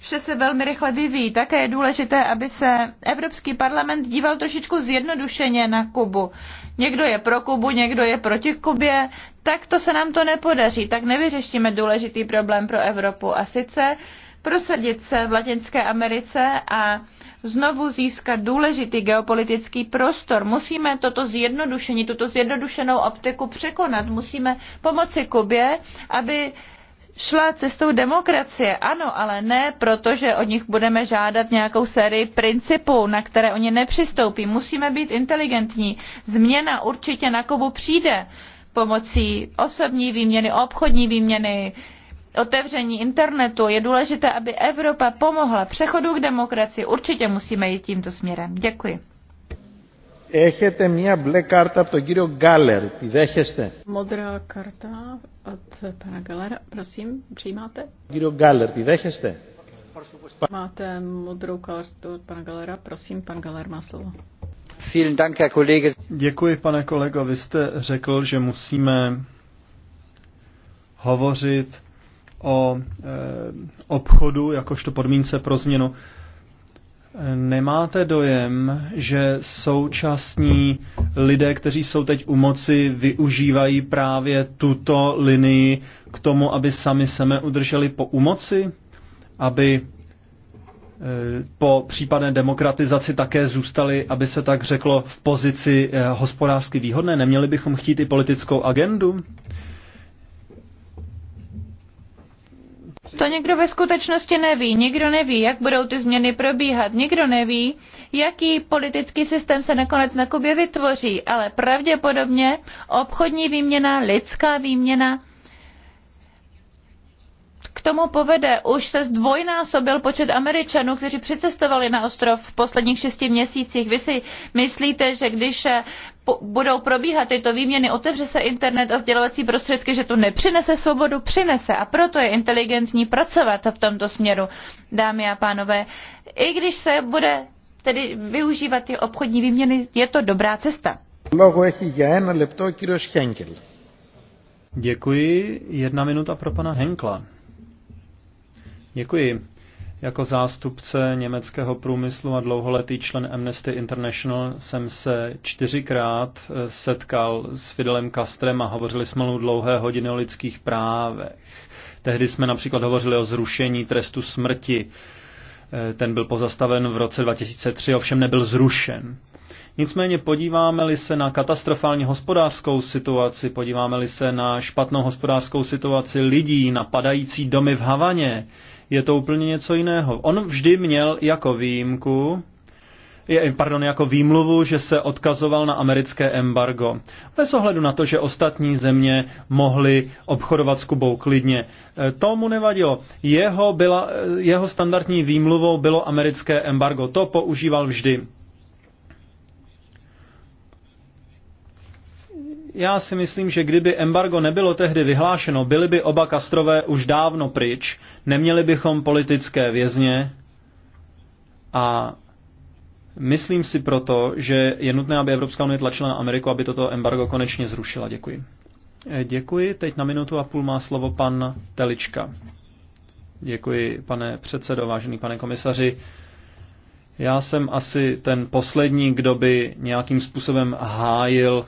Vše se velmi rychle vyvíjí. Také je důležité, aby se Evropský parlament díval trošičku zjednodušeně na Kubu. Někdo je pro Kubu, někdo je proti Kubě. Tak to se nám to nepodaří. Tak nevyřešíme důležitý problém pro Evropu. A sice prosadit se v Latinské Americe a znovu získat důležitý geopolitický prostor. Musíme toto zjednodušení, tuto zjednodušenou optiku překonat. Musíme pomoci Kubě, aby šla cestou demokracie, ano, ale ne proto, že od nich budeme žádat nějakou sérii principů, na které oni nepřistoupí. Musíme být inteligentní. Změna určitě na Kubu přijde pomocí osobní výměny, obchodní výměny, otevření internetu je důležité, aby Evropa pomohla přechodu k demokracii. Určitě musíme jít tímto směrem. Děkuji. Έχετε μία μπλε κάρτα από τον κύριο Γκάλερ. Τη δέχεστε. Μόντρα κάρτα od pana Galera. Prosím, přijímáte? Κύριο Γκάλερ, τη δέχεστε. Máte modrou kartu od pana Galera. Prosím, pan Galer má slovo. Děkuji, pane kolego. Vy jste řekl, že musíme hovořit o eh, obchodu jakožto podmínce pro změnu. Nemáte dojem, že současní lidé, kteří jsou teď u moci, využívají právě tuto linii k tomu, aby sami sebe udrželi po umoci, aby eh, po případné demokratizaci také zůstali, aby se tak řeklo, v pozici eh, hospodářsky výhodné? Neměli bychom chtít i politickou agendu? To někdo ve skutečnosti neví. Nikdo neví, jak budou ty změny probíhat. Nikdo neví, jaký politický systém se nakonec na Kubě vytvoří. Ale pravděpodobně obchodní výměna, lidská výměna k tomu povede. Už se zdvojnásobil počet Američanů, kteří přicestovali na ostrov v posledních šesti měsících. Vy si myslíte, že když eh, budou probíhat tyto výměny, otevře se internet a sdělovací prostředky, že to nepřinese svobodu, přinese. A proto je inteligentní pracovat v tomto směru, dámy a pánové. I když se bude tedy využívat ty obchodní výměny, je to dobrá cesta. Děkuji. Jedna minuta pro pana Henkla. Děkuji. Jako zástupce německého průmyslu a dlouholetý člen Amnesty International jsem se čtyřikrát eh, setkal s Fidelem Kastrem a hovořili jsme mu dlouhé hodiny o lidských právech. Tehdy jsme například hovořili o zrušení trestu smrti. Eh, ten byl pozastaven v roce 2003, ovšem nebyl zrušen. Nicméně podíváme-li se na katastrofální hospodářskou situaci, podíváme-li se na špatnou hospodářskou situaci lidí, na padající domy v Havaně, je to úplně něco jiného. On vždy měl jako výjimku, pardon, jako výmluvu, že se odkazoval na americké embargo. Bez ohledu na to, že ostatní země mohly obchodovat s Kubou klidně. E, tomu nevadilo. Jeho, byla, e, jeho standardní výmluvou bylo americké embargo. To používal vždy. Já si myslím, že kdyby embargo nebylo tehdy vyhlášeno, byly by oba Kastrové už dávno pryč neměli bychom politické vězně a myslím si proto, že je nutné, aby Evropská unie tlačila na Ameriku, aby toto embargo konečně zrušila. Děkuji. Eh, děkuji. Teď na minutu a půl má slovo pan Telička. Děkuji, pane předsedo, vážený pane komisaři. Já jsem asi ten poslední, kdo by nějakým způsobem hájil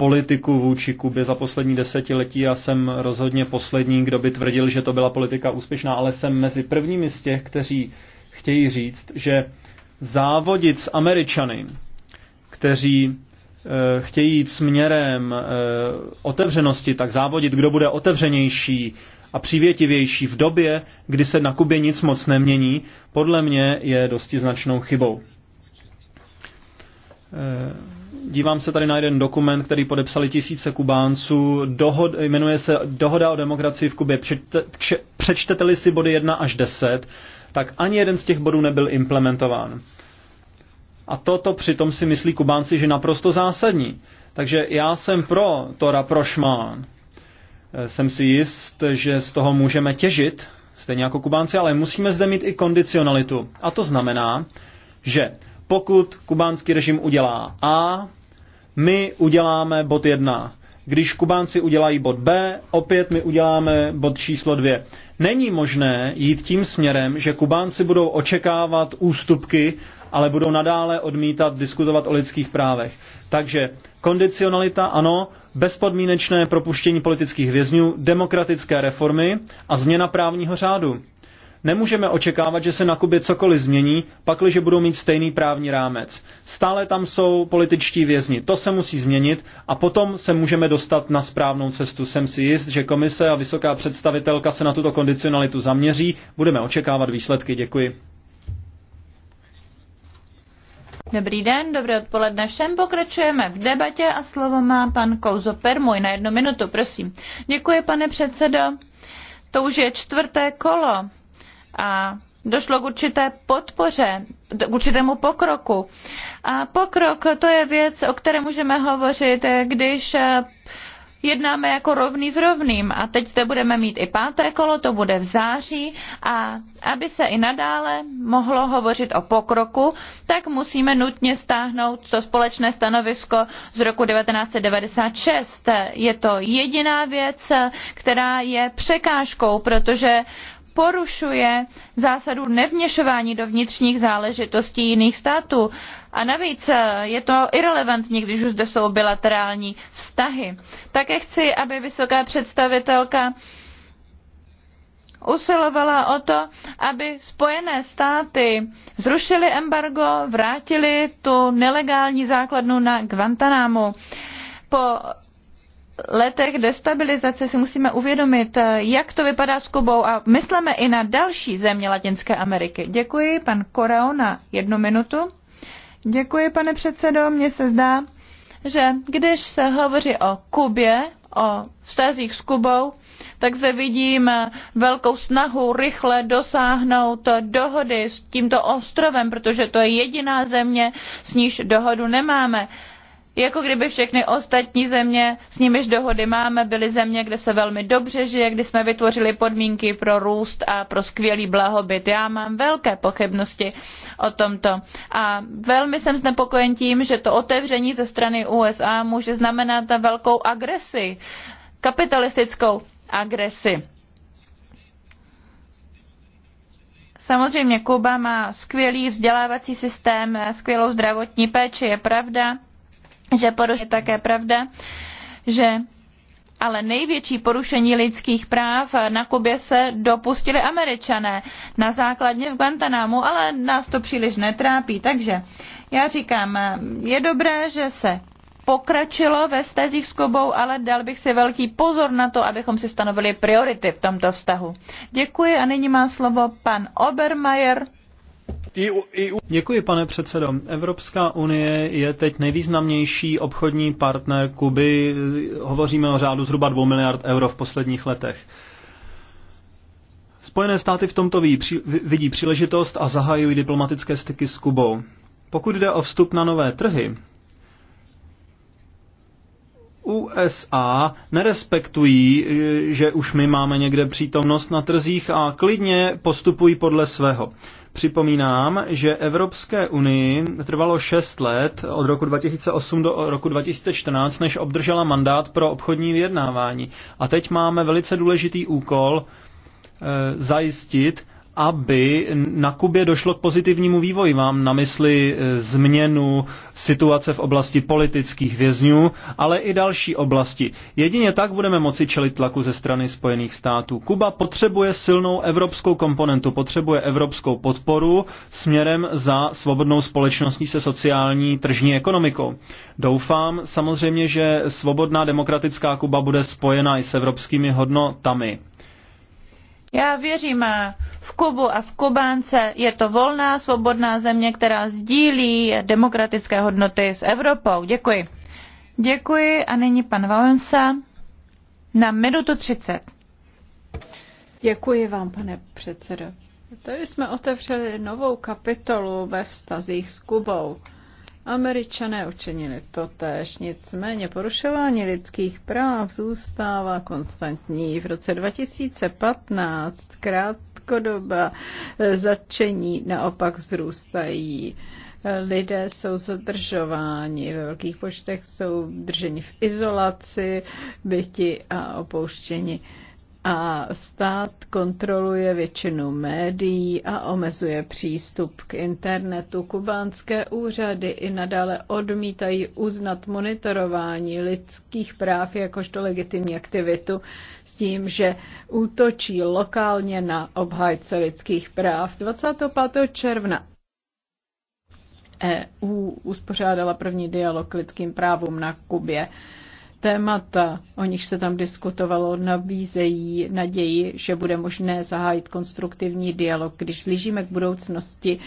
politiku vůči Kubě za poslední desetiletí. a jsem rozhodně poslední, kdo by tvrdil, že to byla politika úspěšná, ale jsem mezi prvními z těch, kteří chtějí říct, že závodit s Američany, kteří e, chtějí jít směrem e, otevřenosti, tak závodit, kdo bude otevřenější a přívětivější v době, kdy se na Kubě nic moc nemění, podle mě je dosti značnou chybou. E, Dívám se tady na jeden dokument, který podepsali tisíce Kubánců. Dohod, jmenuje se Dohoda o demokracii v Kubě. Přečte, přečtete-li si body 1 až 10, tak ani jeden z těch bodů nebyl implementován. A toto přitom si myslí Kubánci, že naprosto zásadní. Takže já jsem pro to raprošmán. Eh, jsem si jist, že z toho můžeme těžit, stejně jako Kubánci, ale musíme zde mít i kondicionalitu. A to znamená, že pokud kubánský režim udělá A, my uděláme bod 1. Když Kubánci udělají bod B, opět my uděláme bod číslo 2. Není možné jít tím směrem, že Kubánci budou očekávat ústupky, ale budou nadále odmítat diskutovat o lidských právech. Takže kondicionalita ano, bezpodmínečné propuštění politických vězňů, demokratické reformy a změna právního řádu. Nemůžeme očekávat, že se na Kubě cokoliv změní, pakliže budou mít stejný právní rámec. Stále tam jsou političtí vězni. To se musí změnit a potom se můžeme dostat na správnou cestu. Jsem si jist, že komise a vysoká představitelka se na tuto kondicionalitu zaměří. Budeme očekávat výsledky. Děkuji. Dobrý den, dobré odpoledne všem. Pokračujeme v debatě a slovo má pan Kouzo Permuj na jednu minutu, prosím. Děkuji, pane předsedo. To už je čtvrté kolo a došlo k určité podpoře, k určitému pokroku. A pokrok to je věc, o které můžeme hovořit, když jednáme jako rovný s rovným. A teď zde budeme mít i páté kolo, to bude v září. A aby se i nadále mohlo hovořit o pokroku, tak musíme nutně stáhnout to společné stanovisko z roku 1996. Je to jediná věc, která je překážkou, protože porušuje zásadu nevměšování do vnitřních záležitostí jiných států. A navíc eh, je to irrelevantní, když už zde jsou bilaterální vztahy. Také chci, aby vysoká představitelka usilovala o to, aby Spojené státy zrušily embargo, vrátili tu nelegální základnu na Guantanamo. Po letech destabilizace si musíme uvědomit, eh, jak to vypadá s Kubou a myslíme i na další země Latinské Ameriky. Děkuji, pan Koreo, na jednu minutu. Děkuji, pane předsedo. Mně se zdá, že když se hovoří o Kubě, o vztazích s Kubou, tak zde vidím eh, velkou snahu rychle dosáhnout dohody s tímto ostrovem, protože to je jediná země, s níž dohodu nemáme jako kdyby všechny ostatní země, s nimiž dohody máme, byly země, kde se velmi dobře žije, kdy jsme vytvořili podmínky pro růst a pro skvělý blahobyt. Já mám velké pochybnosti o tomto. A velmi jsem znepokojen tím, že to otevření ze strany USA může znamenat velkou agresi, kapitalistickou agresi. Samozřejmě Kuba má skvělý vzdělávací systém, skvělou zdravotní péči, je pravda že porušení také pravda, že ale největší porušení lidských práv na Kubě se dopustili američané na základně v Guantanámu, ale nás to příliš netrápí. Takže já říkám, je dobré, že se pokračilo ve stazích s Kubou, ale dal bych si velký pozor na to, abychom si stanovili priority v tomto vztahu. Děkuji a nyní má slovo pan Obermeier Děkuji, pane předsedo. Evropská unie je teď nejvýznamnější obchodní partner Kuby. Hovoříme o řádu zhruba 2 miliard euro v posledních letech. Spojené státy v tomto vidí příležitost a zahajují diplomatické styky s Kubou. Pokud jde o vstup na nové trhy, USA nerespektují, eh, že už my máme někde přítomnost na trzích a klidně postupují podle svého. Připomínám, že Evropské unii trvalo 6 let od roku 2008 do roku 2014, než obdržela mandát pro obchodní vyjednávání. A teď máme velice důležitý úkol e, zajistit, aby na Kubě došlo k pozitivnímu vývoji. Mám na mysli eh, změnu situace v oblasti politických vězňů, ale i další oblasti. Jedině tak budeme moci čelit tlaku ze strany Spojených států. Kuba potřebuje silnou evropskou komponentu, potřebuje evropskou podporu směrem za svobodnou společností se sociální tržní ekonomikou. Doufám samozřejmě, že svobodná demokratická Kuba bude spojena i s evropskými hodnotami. Já věřím eh, v Kubu a v Kubánce. Je to volná, svobodná země, která sdílí demokratické hodnoty s Evropou. Děkuji. Děkuji a nyní pan Valensa na minutu 30. Děkuji vám, pane předsedo. Tady jsme otevřeli novou kapitolu ve vztazích s Kubou. Američané učinili to nicméně porušování lidských práv zůstává konstantní. V roce 2015 krátkodoba začení naopak vzrůstají. Lidé jsou zadržováni, ve velkých počtech jsou drženi v izolaci, byti a opouštěni a stát kontroluje většinu médií a omezuje přístup k internetu. Kubánské úřady i nadále odmítají uznat monitorování lidských práv jakožto legitimní aktivitu s tím, že útočí lokálně na obhájce lidských práv. 25. června EU uspořádala první dialog k lidským právům na Kubě témata, o nich se tam diskutovalo, nabízejí naději, že bude možné zahájit konstruktivní dialog. Když blížíme k budoucnosti,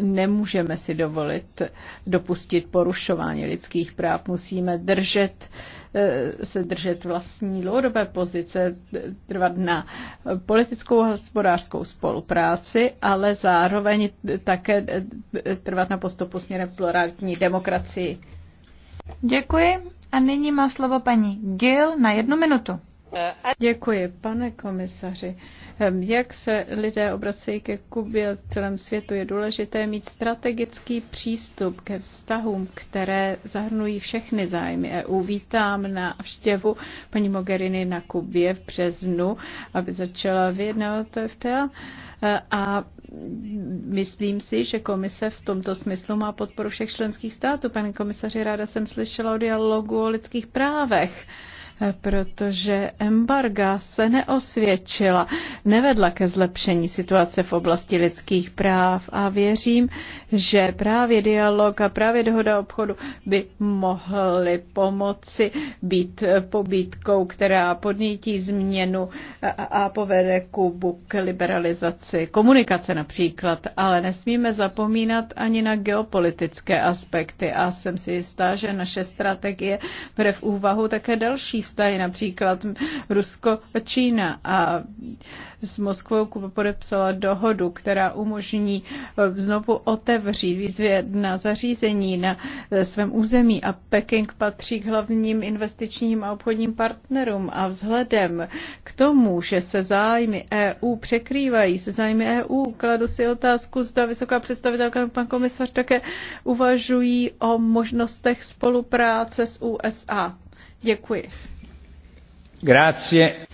nemůžeme si dovolit dopustit porušování lidských práv. Musíme držet, eh, se držet vlastní dlouhodobé pozice, trvat na politickou a hospodářskou spolupráci, ale zároveň také eh, trvat na postupu směrem pluralitní demokracii. Děkuji a nyní má slovo paní Gill na jednu minutu. Děkuji, pane komisaři. Ehm, jak se lidé obracejí ke Kubě v celém světu, je důležité mít strategický přístup ke vztahům, které zahrnují všechny zájmy EU. Vítám na vštěvu paní Mogherini na Kubě v březnu, aby začala vyjednávat FTA. Ehm, a myslím si, že komise v tomto smyslu má podporu všech členských států. Pane komisaři, ráda jsem slyšela o dialogu o lidských právech protože embarga se neosvědčila, nevedla ke zlepšení situace v oblasti lidských práv a věřím, že právě dialog a právě dohoda obchodu by mohly pomoci být pobítkou, která podnítí změnu a povede Kubu k liberalizaci komunikace například, ale nesmíme zapomínat ani na geopolitické aspekty a jsem si jistá, že naše strategie bude v úvahu také další vztahy, například Rusko a Čína. A s Moskvou Kuba podepsala dohodu, která umožní eh, znovu otevřít výzvě na zařízení na eh, svém území a Peking patří k hlavním investičním a obchodním partnerům a vzhledem k tomu, že se zájmy EU překrývají se zájmy EU, kladu si otázku, zda vysoká představitelka pan komisař také uvažují o možnostech spolupráce s USA. Děkuji. Grazie.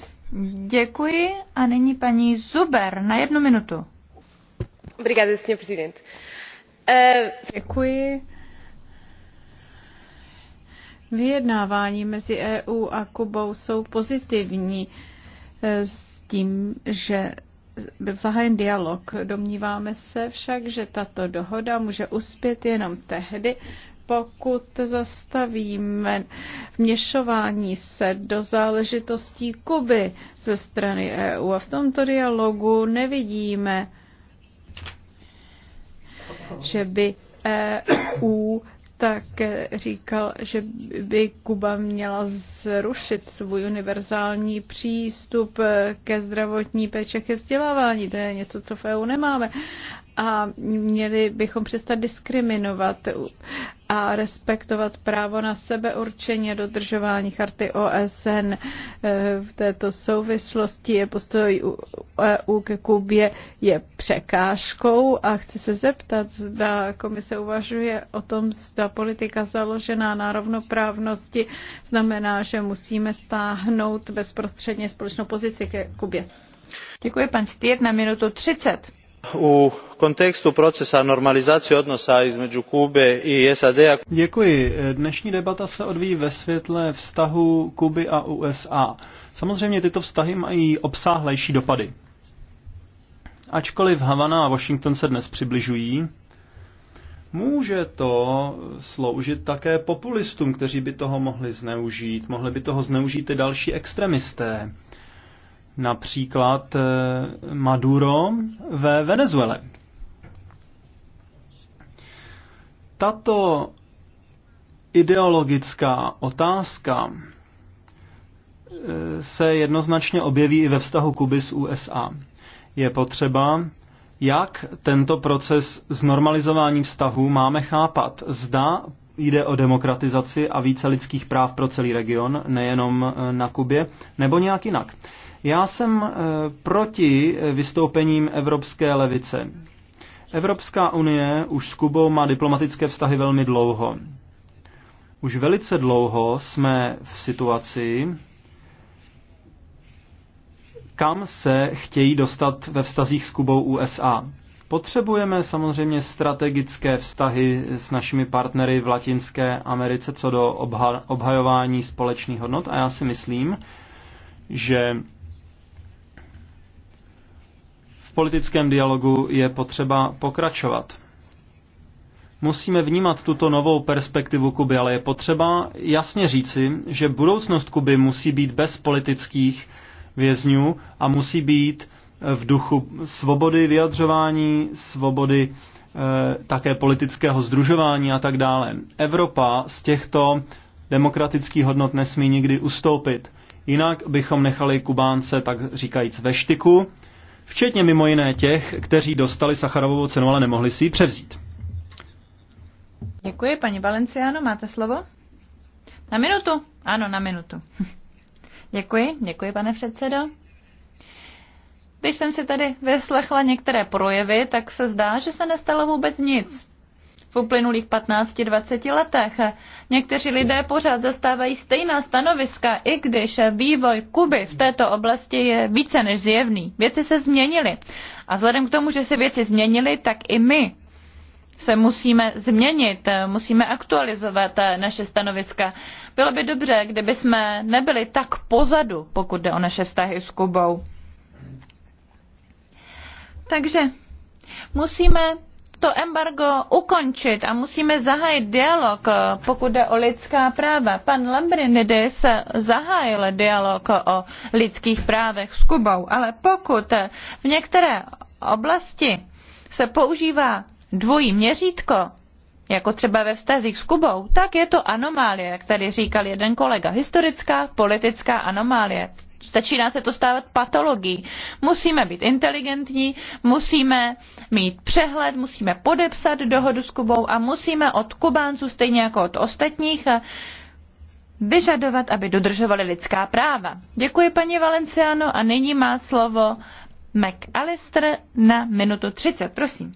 Děkuji a nyní paní Zuber na jednu minutu. Obrigada, senhor presidente. Eh, Děkuji. Vyjednávání mezi EU a Kubou jsou pozitivní eh, s tím, že byl zahájen dialog. Domníváme se však, že tato dohoda může uspět jenom tehdy, pokud zastavíme vměšování se do záležitostí Kuby ze strany EU a v tomto dialogu nevidíme, že by EU tak říkal, že by Kuba měla zrušit svůj univerzální přístup ke zdravotní péči, ke vzdělávání. To je něco, co v EU nemáme. A měli bychom přestat diskriminovat a respektovat právo na sebeurčení a dodržování charty OSN. Eh, v této souvislosti je postoj EU e ke Kubě je překážkou a chci se zeptat, zda komise uvažuje o tom, zda politika založená na rovnoprávnosti znamená, že musíme stáhnout bezprostředně společnou pozici ke Kubě. Děkuji, pan Stýr, na minutu 30 u kontextu procesa normalizace odnosa između Kube i SAD. -a... Děkuji. Dnešní debata se odvíjí ve světle vztahu Kuby a USA. Samozřejmě tyto vztahy mají obsáhlejší dopady. Ačkoliv Havana a Washington se dnes přibližují, může to sloužit také populistům, kteří by toho mohli zneužít. Mohli by toho zneužít i další extremisté například eh, Maduro ve Venezuele. Tato ideologická otázka eh, se jednoznačně objeví i ve vztahu Kuby s USA. Je potřeba, jak tento proces znormalizování vztahů máme chápat. Zda jde o demokratizaci a více lidských práv pro celý region, nejenom eh, na Kubě, nebo nějak jinak. Já jsem eh, proti eh, vystoupením evropské levice. Evropská unie už s Kubou má diplomatické vztahy velmi dlouho. Už velice dlouho jsme v situaci, kam se chtějí dostat ve vztazích s Kubou USA. Potřebujeme samozřejmě strategické vztahy s našimi partnery v Latinské Americe co do obha- obhajování společných hodnot a já si myslím, že politickém dialogu je potřeba pokračovat. Musíme vnímat tuto novou perspektivu Kuby, ale je potřeba jasně říci, že budoucnost Kuby musí být bez politických vězňů a musí být v duchu svobody vyjadřování, svobody e, také politického združování a tak dále. Evropa z těchto demokratických hodnot nesmí nikdy ustoupit. Jinak bychom nechali Kubánce, tak říkajíc, ve štyku včetně mimo jiné těch, kteří dostali Sacharovou cenu, ale nemohli si ji převzít. Děkuji, paní Valenciano, máte slovo? Na minutu? Ano, na minutu. děkuji, děkuji, pane předsedo. Když jsem si tady vyslechla některé projevy, tak se zdá, že se nestalo vůbec nic v uplynulých 15-20 letech. Někteří lidé pořád zastávají stejná stanoviska, i když vývoj Kuby v této oblasti je více než zjevný. Věci se změnily. A vzhledem k tomu, že se věci změnily, tak i my se musíme změnit, musíme aktualizovat naše stanoviska. Bylo by dobře, kdyby jsme nebyli tak pozadu, pokud jde o naše vztahy s Kubou. Takže musíme to embargo ukončit a musíme zahájit dialog, eh, pokud jde o lidská práva. Pan Lambrinidis zahájil dialog o lidských právech s Kubou, ale pokud eh, v některé oblasti se používá dvojí měřítko, jako třeba ve vztazích s Kubou, tak je to anomálie, jak tady říkal jeden kolega, historická politická anomálie začíná se to stávat patologií. Musíme být inteligentní, musíme mít přehled, musíme podepsat dohodu s Kubou a musíme od Kubánců, stejně jako od ostatních, vyžadovat, aby dodržovali lidská práva. Děkuji paní Valenciano a nyní má slovo McAllister na minutu 30. Prosím.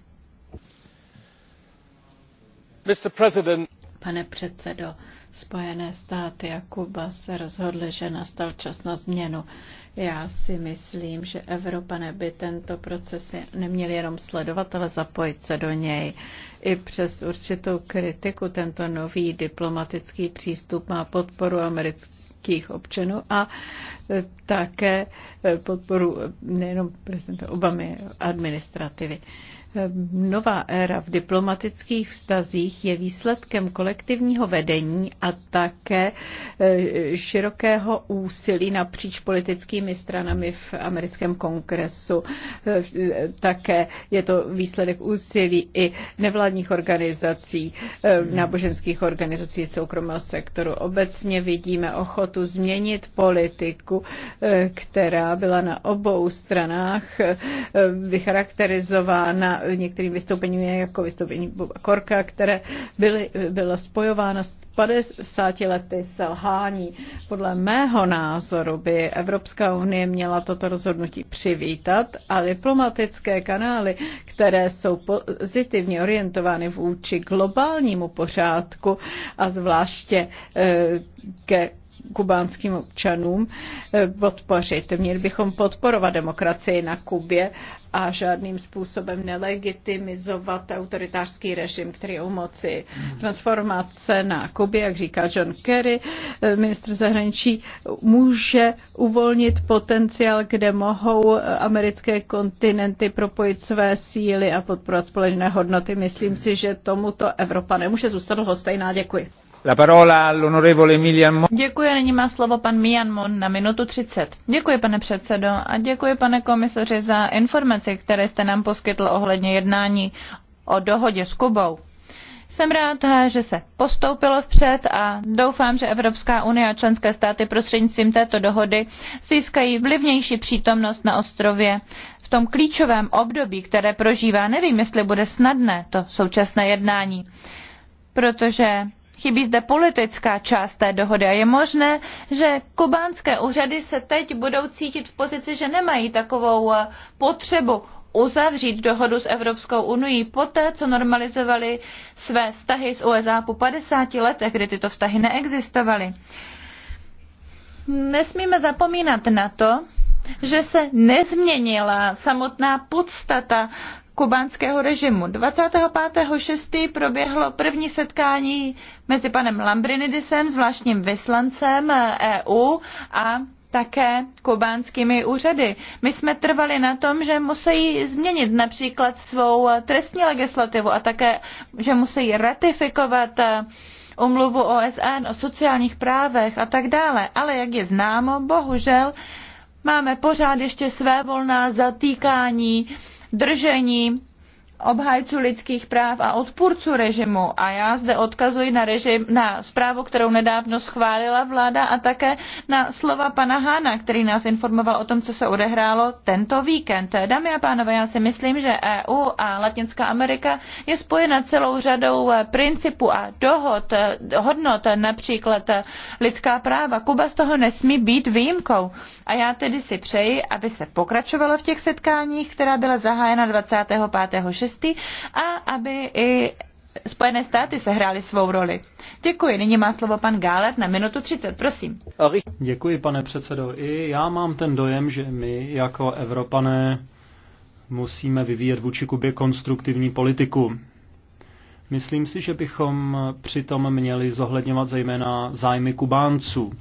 Pane předsedo, Spojené státy a Kuba se rozhodly, že nastal čas na změnu. Já si myslím, že Evropané by tento proces neměli jenom sledovat, ale zapojit se do něj. I přes určitou kritiku tento nový diplomatický přístup má podporu amerických občanů a také podporu nejenom prezidenta Obamy administrativy. Nová éra v diplomatických vztazích je výsledkem kolektivního vedení a také e, širokého úsilí napříč politickými stranami v americkém kongresu. E, také je to výsledek úsilí i nevládních organizací, e, náboženských organizací soukromého sektoru. Obecně vidíme ochotu změnit politiku, která byla na obou stranách vycharakterizována některým vystoupením jako vystoupení Boba Korka, které byly, bylo spojováno s 50 lety selhání. Podle mého názoru by Evropská unie měla toto rozhodnutí přivítat a diplomatické kanály, které jsou pozitivně orientovány vůči globálnímu pořádku a zvláště eh, ke kubánským občanům eh, podpořit. Měli bychom podporovat demokracii na Kubě a žádným způsobem nelegitimizovat autoritářský režim, který je u moci. Transformace na Kubě, jak říká John Kerry, eh, ministr zahraničí, může uvolnit potenciál, kde mohou eh, americké kontinenty propojit své síly a podporovat společné hodnoty. Myslím si, že tomuto Evropa nemůže zůstat hostejná. Děkuji. La parola all'onorevole Mon. Děkuji, nyní má slovo pan Mian Mon na minutu 30. Děkuji, pane předsedo, a děkuji, pane komisaři, za informace, které jste nám poskytl ohledně jednání o dohodě s Kubou. Jsem rád, že se postoupilo vpřed a doufám, že Evropská unie a členské státy prostřednictvím této dohody získají vlivnější přítomnost na ostrově v tom klíčovém období, které prožívá. Nevím, jestli bude snadné to současné jednání, protože Chybí zde politická část té dohody a je možné, že kubánské úřady se teď budou cítit v pozici, že nemají takovou eh, potřebu uzavřít dohodu s Evropskou unií poté, co normalizovali své vztahy s USA po 50 letech, kdy tyto vztahy neexistovaly. Nesmíme zapomínat na to, že se nezměnila samotná podstata kubánského režimu. 25.6. proběhlo první setkání mezi panem Lambrinidisem, zvláštním vyslancem EU eh, e a také kubánskými úřady. My jsme trvali na tom, že musí změnit například svou eh, trestní legislativu a také, že musí ratifikovat eh, umluvu OSN o sociálních právech a tak dále. Ale jak je známo, bohužel máme pořád ještě své volná zatýkání držení obhájců lidských práv a odpůrců režimu. A já zde odkazuji na, režim, na zprávu, kterou nedávno schválila vláda a také na slova pana Hána, který nás informoval o tom, co se odehrálo tento víkend. Dámy a pánové, já si myslím, že EU a Latinská Amerika je spojena celou řadou eh, principů a dohod, eh, hodnot, eh, například lidská práva. Kuba z toho nesmí být výjimkou. A já tedy si přeji, aby se pokračovalo v těch setkáních, která byla zahájena 25. 6 cesty a aby i Spojené státy sehrály svou roli. Děkuji. Nyní má slovo pan Gálet na minutu 30, prosím. Děkuji, pane předsedo. I já mám ten dojem, že my jako Evropané musíme vyvíjet vůči Kubě konstruktivní politiku. Myslím si, že bychom přitom měli zohledňovat zejména zájmy Kubánců.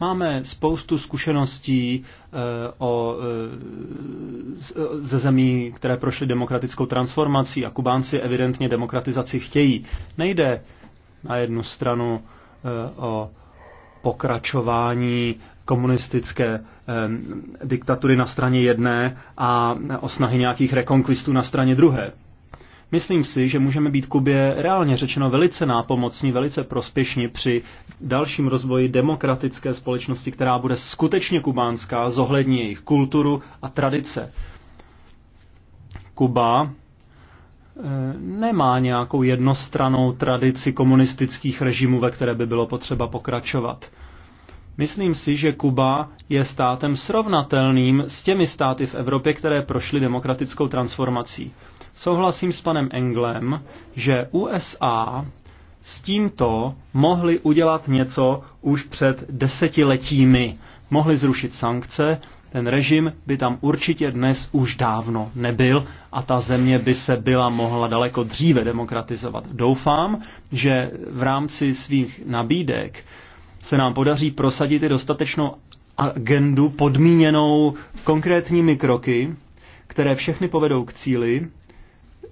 Máme spoustu zkušeností eh, o, eh, ze zemí, které prošly demokratickou transformací a Kubánci evidentně demokratizaci chtějí. Nejde na jednu stranu eh, o pokračování komunistické diktatury na straně jedné a o snahy nějakých rekonkvistů na straně druhé. Myslím si, že můžeme být Kubě reálně řečeno velice nápomocní, velice prospěšní při dalším rozvoji demokratické společnosti, která bude skutečně kubánská, zohlední jejich kulturu a tradice. Kuba eh, nemá nějakou jednostranou tradici komunistických režimů, ve které by bylo potřeba pokračovat. Myslím si, že Kuba je státem srovnatelným s těmi státy v Evropě, které prošly demokratickou transformací. Souhlasím s panem Englem, že USA s tímto mohli udělat něco už před desetiletími. Mohli zrušit sankce, ten režim by tam určitě dnes už dávno nebyl a ta země by se byla mohla daleko dříve demokratizovat. Doufám, že v rámci svých nabídek se nám podaří prosadit i dostatečnou agendu podmíněnou konkrétními kroky, které všechny povedou k cíli,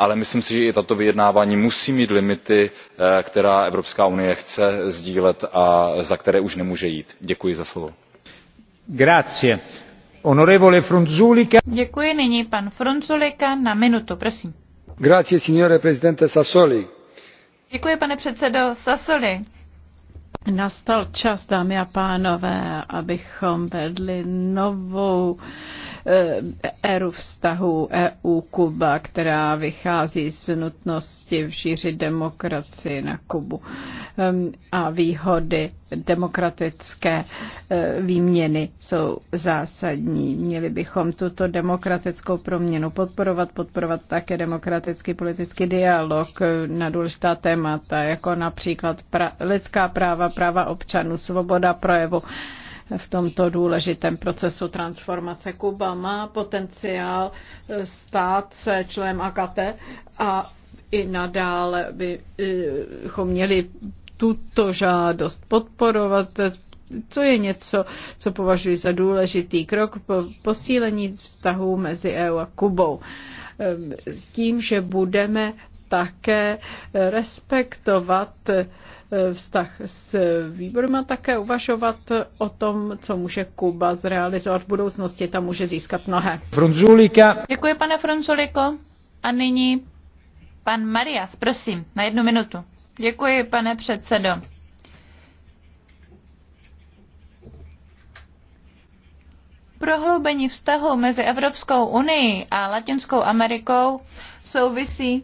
ale myslím si že i tato vyjednávání musí mít limity eh, které evropská unie chce sdílet a za které už nemůže jít. děkuji za slovo. Děkuji, pan na prosím. Grazie, signore presidente Děkuji, pane předsedo Sassoli. Nastal čas, dámy a pánové, abychom vedli novou Eh, éru vztahu EU-Kuba, která vychází z nutnosti vžířit demokracii na Kubu a výhody demokratické eh, výměny jsou zásadní. Měli bychom tuto demokratickou proměnu podporovat, podporovat také demokratický politický dialog na důležitá témata, jako například pra- lidská práva, práva občanů, svoboda projevu v tomto důležitém procesu transformace. Kuba má potenciál eh, stát se členem AKT a i nadále bychom měli tuto žádost podporovat, co je něco, co považuji za důležitý krok po posílení vztahů mezi EU a Kubou. Ehm, s tím, že budeme také respektovat Eh, vztah s výborem a také uvažovat o tom, co může Kuba zrealizovat v budoucnosti. Tam může získat mnohé. Frunzulika. Děkuji, pane Frunzuliko. A nyní pan Marias, prosím, na jednu minutu. Děkuji, pane předsedo. Prohloubení vztahu mezi Evropskou unii a Latinskou Amerikou souvisí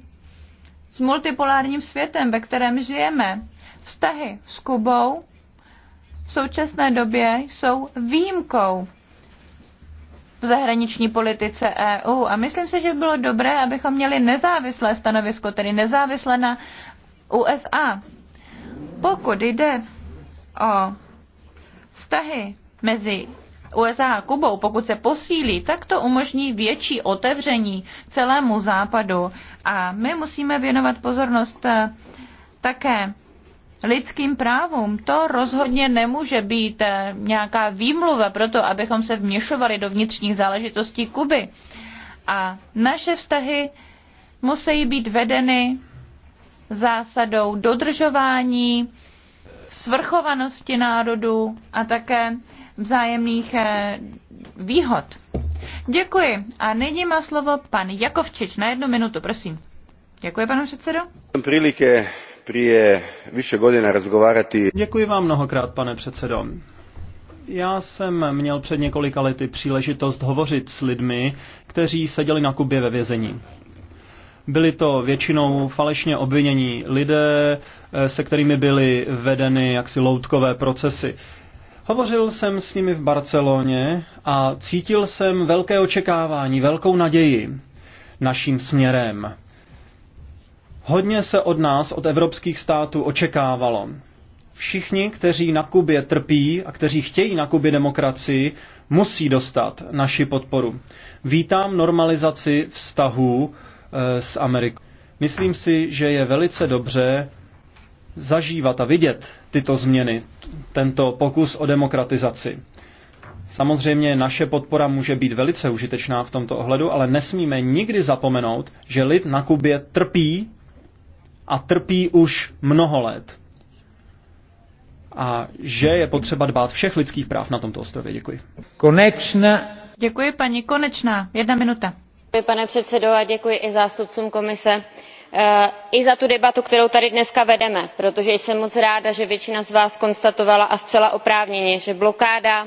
s multipolárním světem, ve kterém žijeme. Vztahy s Kubou v současné době jsou výjimkou v zahraniční politice EU a myslím si, že by bylo dobré, abychom měli nezávislé stanovisko, tedy nezávislé na USA. Pokud jde o vztahy mezi USA a Kubou, pokud se posílí, tak to umožní větší otevření celému západu. A my musíme věnovat pozornost eh, také lidským právům. To rozhodně nemůže být eh, nějaká výmluva pro to, abychom se vměšovali do vnitřních záležitostí Kuby. A naše vztahy musí být vedeny zásadou dodržování svrchovanosti národů a také vzájemných eh, výhod. Děkuji. A nyní má slovo pan Jakovčič na jednu minutu, prosím. Děkuji, pane předsedo. Prilike prije više godina razgovarati... Děkuji vám mnohokrát, pane předsedo. Já jsem měl před několika lety příležitost hovořit s lidmi, kteří seděli na Kubě ve vězení. Byli to většinou falešně obvinění lidé, eh, se kterými byly vedeny jaksi loutkové procesy. Hovořil jsem s nimi v Barceloně a cítil jsem velké očekávání, velkou naději naším směrem. Hodně se od nás, od evropských států, očekávalo. Všichni, kteří na Kubě trpí a kteří chtějí na Kubě demokracii, musí dostat naši podporu. Vítám normalizaci vztahů e, s Amerikou. Myslím si, že je velice dobře zažívat a vidět tyto změny, tento pokus o demokratizaci. Samozřejmě naše podpora může být velice užitečná v tomto ohledu, ale nesmíme nikdy zapomenout, že lid na Kubě trpí a trpí už mnoho let. A že je potřeba dbát všech lidských práv na tomto ostrově. Děkuji. Konečná. Děkuji paní Konečná. Jedna minuta. Děkuji pane předsedo a děkuji i zástupcům komise eh, i za tu debatu kterou tady dneska vedeme protože jsem moc ráda že většina z vás konstatovala a zcela oprávněně že blokáda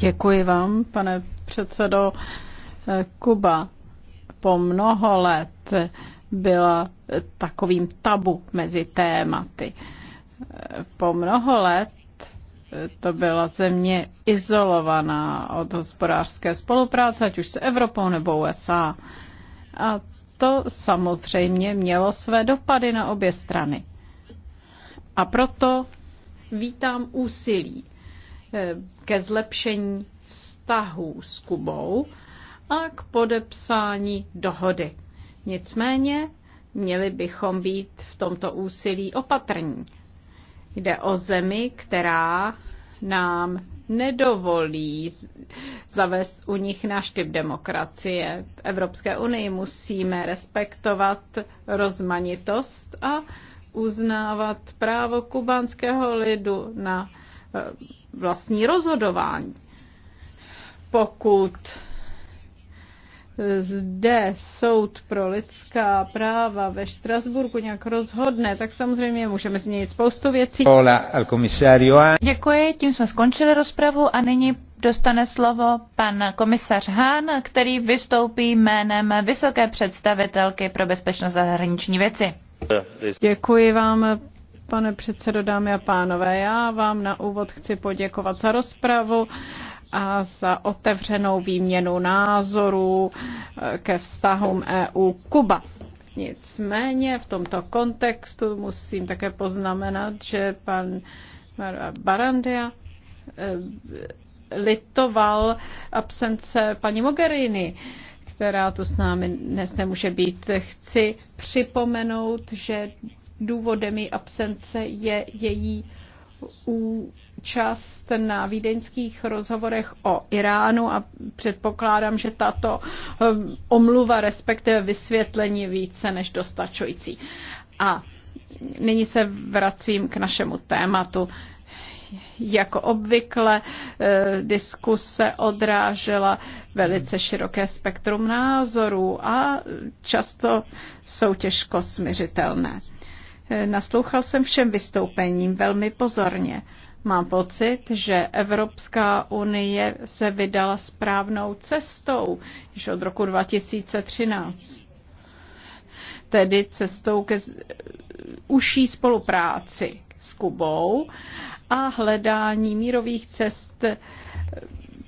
Děkuji vám, pane předsedo. Kuba po mnoho let byla takovým tabu mezi tématy. Po mnoho let to byla země izolovaná od hospodářské spolupráce, ať už s Evropou nebo USA. A to samozřejmě mělo své dopady na obě strany. A proto vítám úsilí Eh, ke zlepšení vztahů s Kubou a k podepsání dohody. Nicméně měli bychom být v tomto úsilí opatrní. Jde o zemi, která nám nedovolí zavést u nich náš typ demokracie. V Evropské unii musíme respektovat rozmanitost a uznávat právo kubánského lidu na Eh, vlastní rozhodování. Pokud eh, zde soud pro lidská práva ve Štrasburku nějak rozhodne, tak samozřejmě můžeme změnit spoustu věcí. Děkuji, tím jsme skončili rozpravu a nyní dostane slovo pan komisař Hán, který vystoupí jménem vysoké představitelky pro bezpečnost a zahraniční věci. Děkuji vám, pane předsedo, dámy a pánové. Já vám na úvod chci poděkovat za rozpravu a za otevřenou výměnu názorů eh, ke vztahům EU-Kuba. Nicméně v tomto kontextu musím také poznamenat, že pan Barandia eh, litoval absence paní Mogherini, která tu s námi dnes nemůže být. Chci připomenout, že Důvodem její absence je její účast na vídeňských rozhovorech o Iránu a předpokládám, že tato eh, omluva, respektive vysvětlení více než dostačující. A nyní se vracím k našemu tématu. Jako obvykle eh, diskuse odrážela velice široké spektrum názorů a často jsou těžko smiřitelné. Eh, naslouchal jsem všem vystoupením velmi pozorně. Mám pocit, že Evropská unie se vydala správnou cestou již od roku 2013. Tedy cestou ke eh, užší spolupráci s Kubou a hledání mírových cest eh,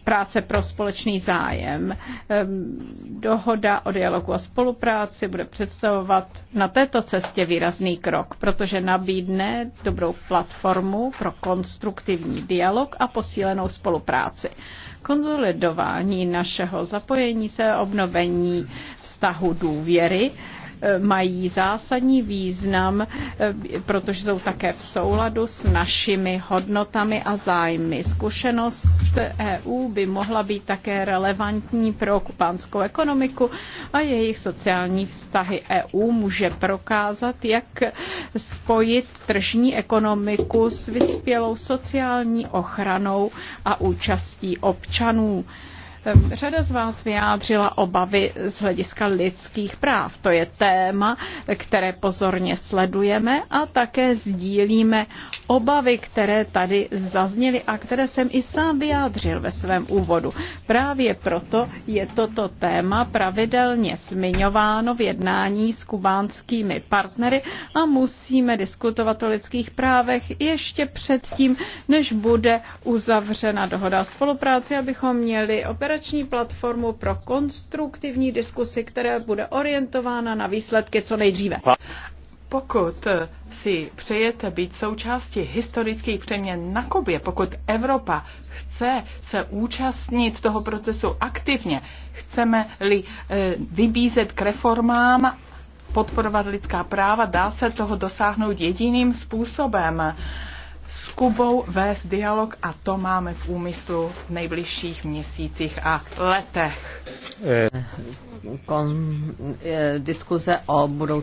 práce pro společný zájem. Ehm, dohoda o dialogu a spolupráci bude představovat na této cestě výrazný krok, protože nabídne dobrou platformu pro konstruktivní dialog a posílenou spolupráci. Konzolidování našeho zapojení se obnovení vztahu důvěry Eh, mají zásadní význam, eh, protože jsou také v souladu s našimi hodnotami a zájmy. Zkušenost EU by mohla být také relevantní pro kubánskou ekonomiku a jejich sociální vztahy. EU může prokázat, jak spojit tržní ekonomiku s vyspělou sociální ochranou a účastí občanů. Ehm, řada z vás vyjádřila obavy z hlediska lidských práv. To je téma, které pozorně sledujeme a také sdílíme obavy, které tady zazněly a které jsem i sám vyjádřil ve svém úvodu. Právě proto je toto téma pravidelně zmiňováno v jednání s kubánskými partnery a musíme diskutovat o lidských právech ještě předtím, než bude uzavřena dohoda o spolupráci, abychom měli operativní operační platformu pro konstruktivní diskusy, která bude orientována na výsledky co nejdříve. Pokud si přejete být součástí historických přeměn na Kubě, pokud Evropa chce se účastnit toho procesu aktivně, chceme-li eh, vybízet k reformám podporovat lidská práva, dá se toho dosáhnout jediným způsobem s Kubou vést dialog a to máme v úmyslu v nejbližších měsících a letech. Eh. Kon, eh, diskuze o budoucí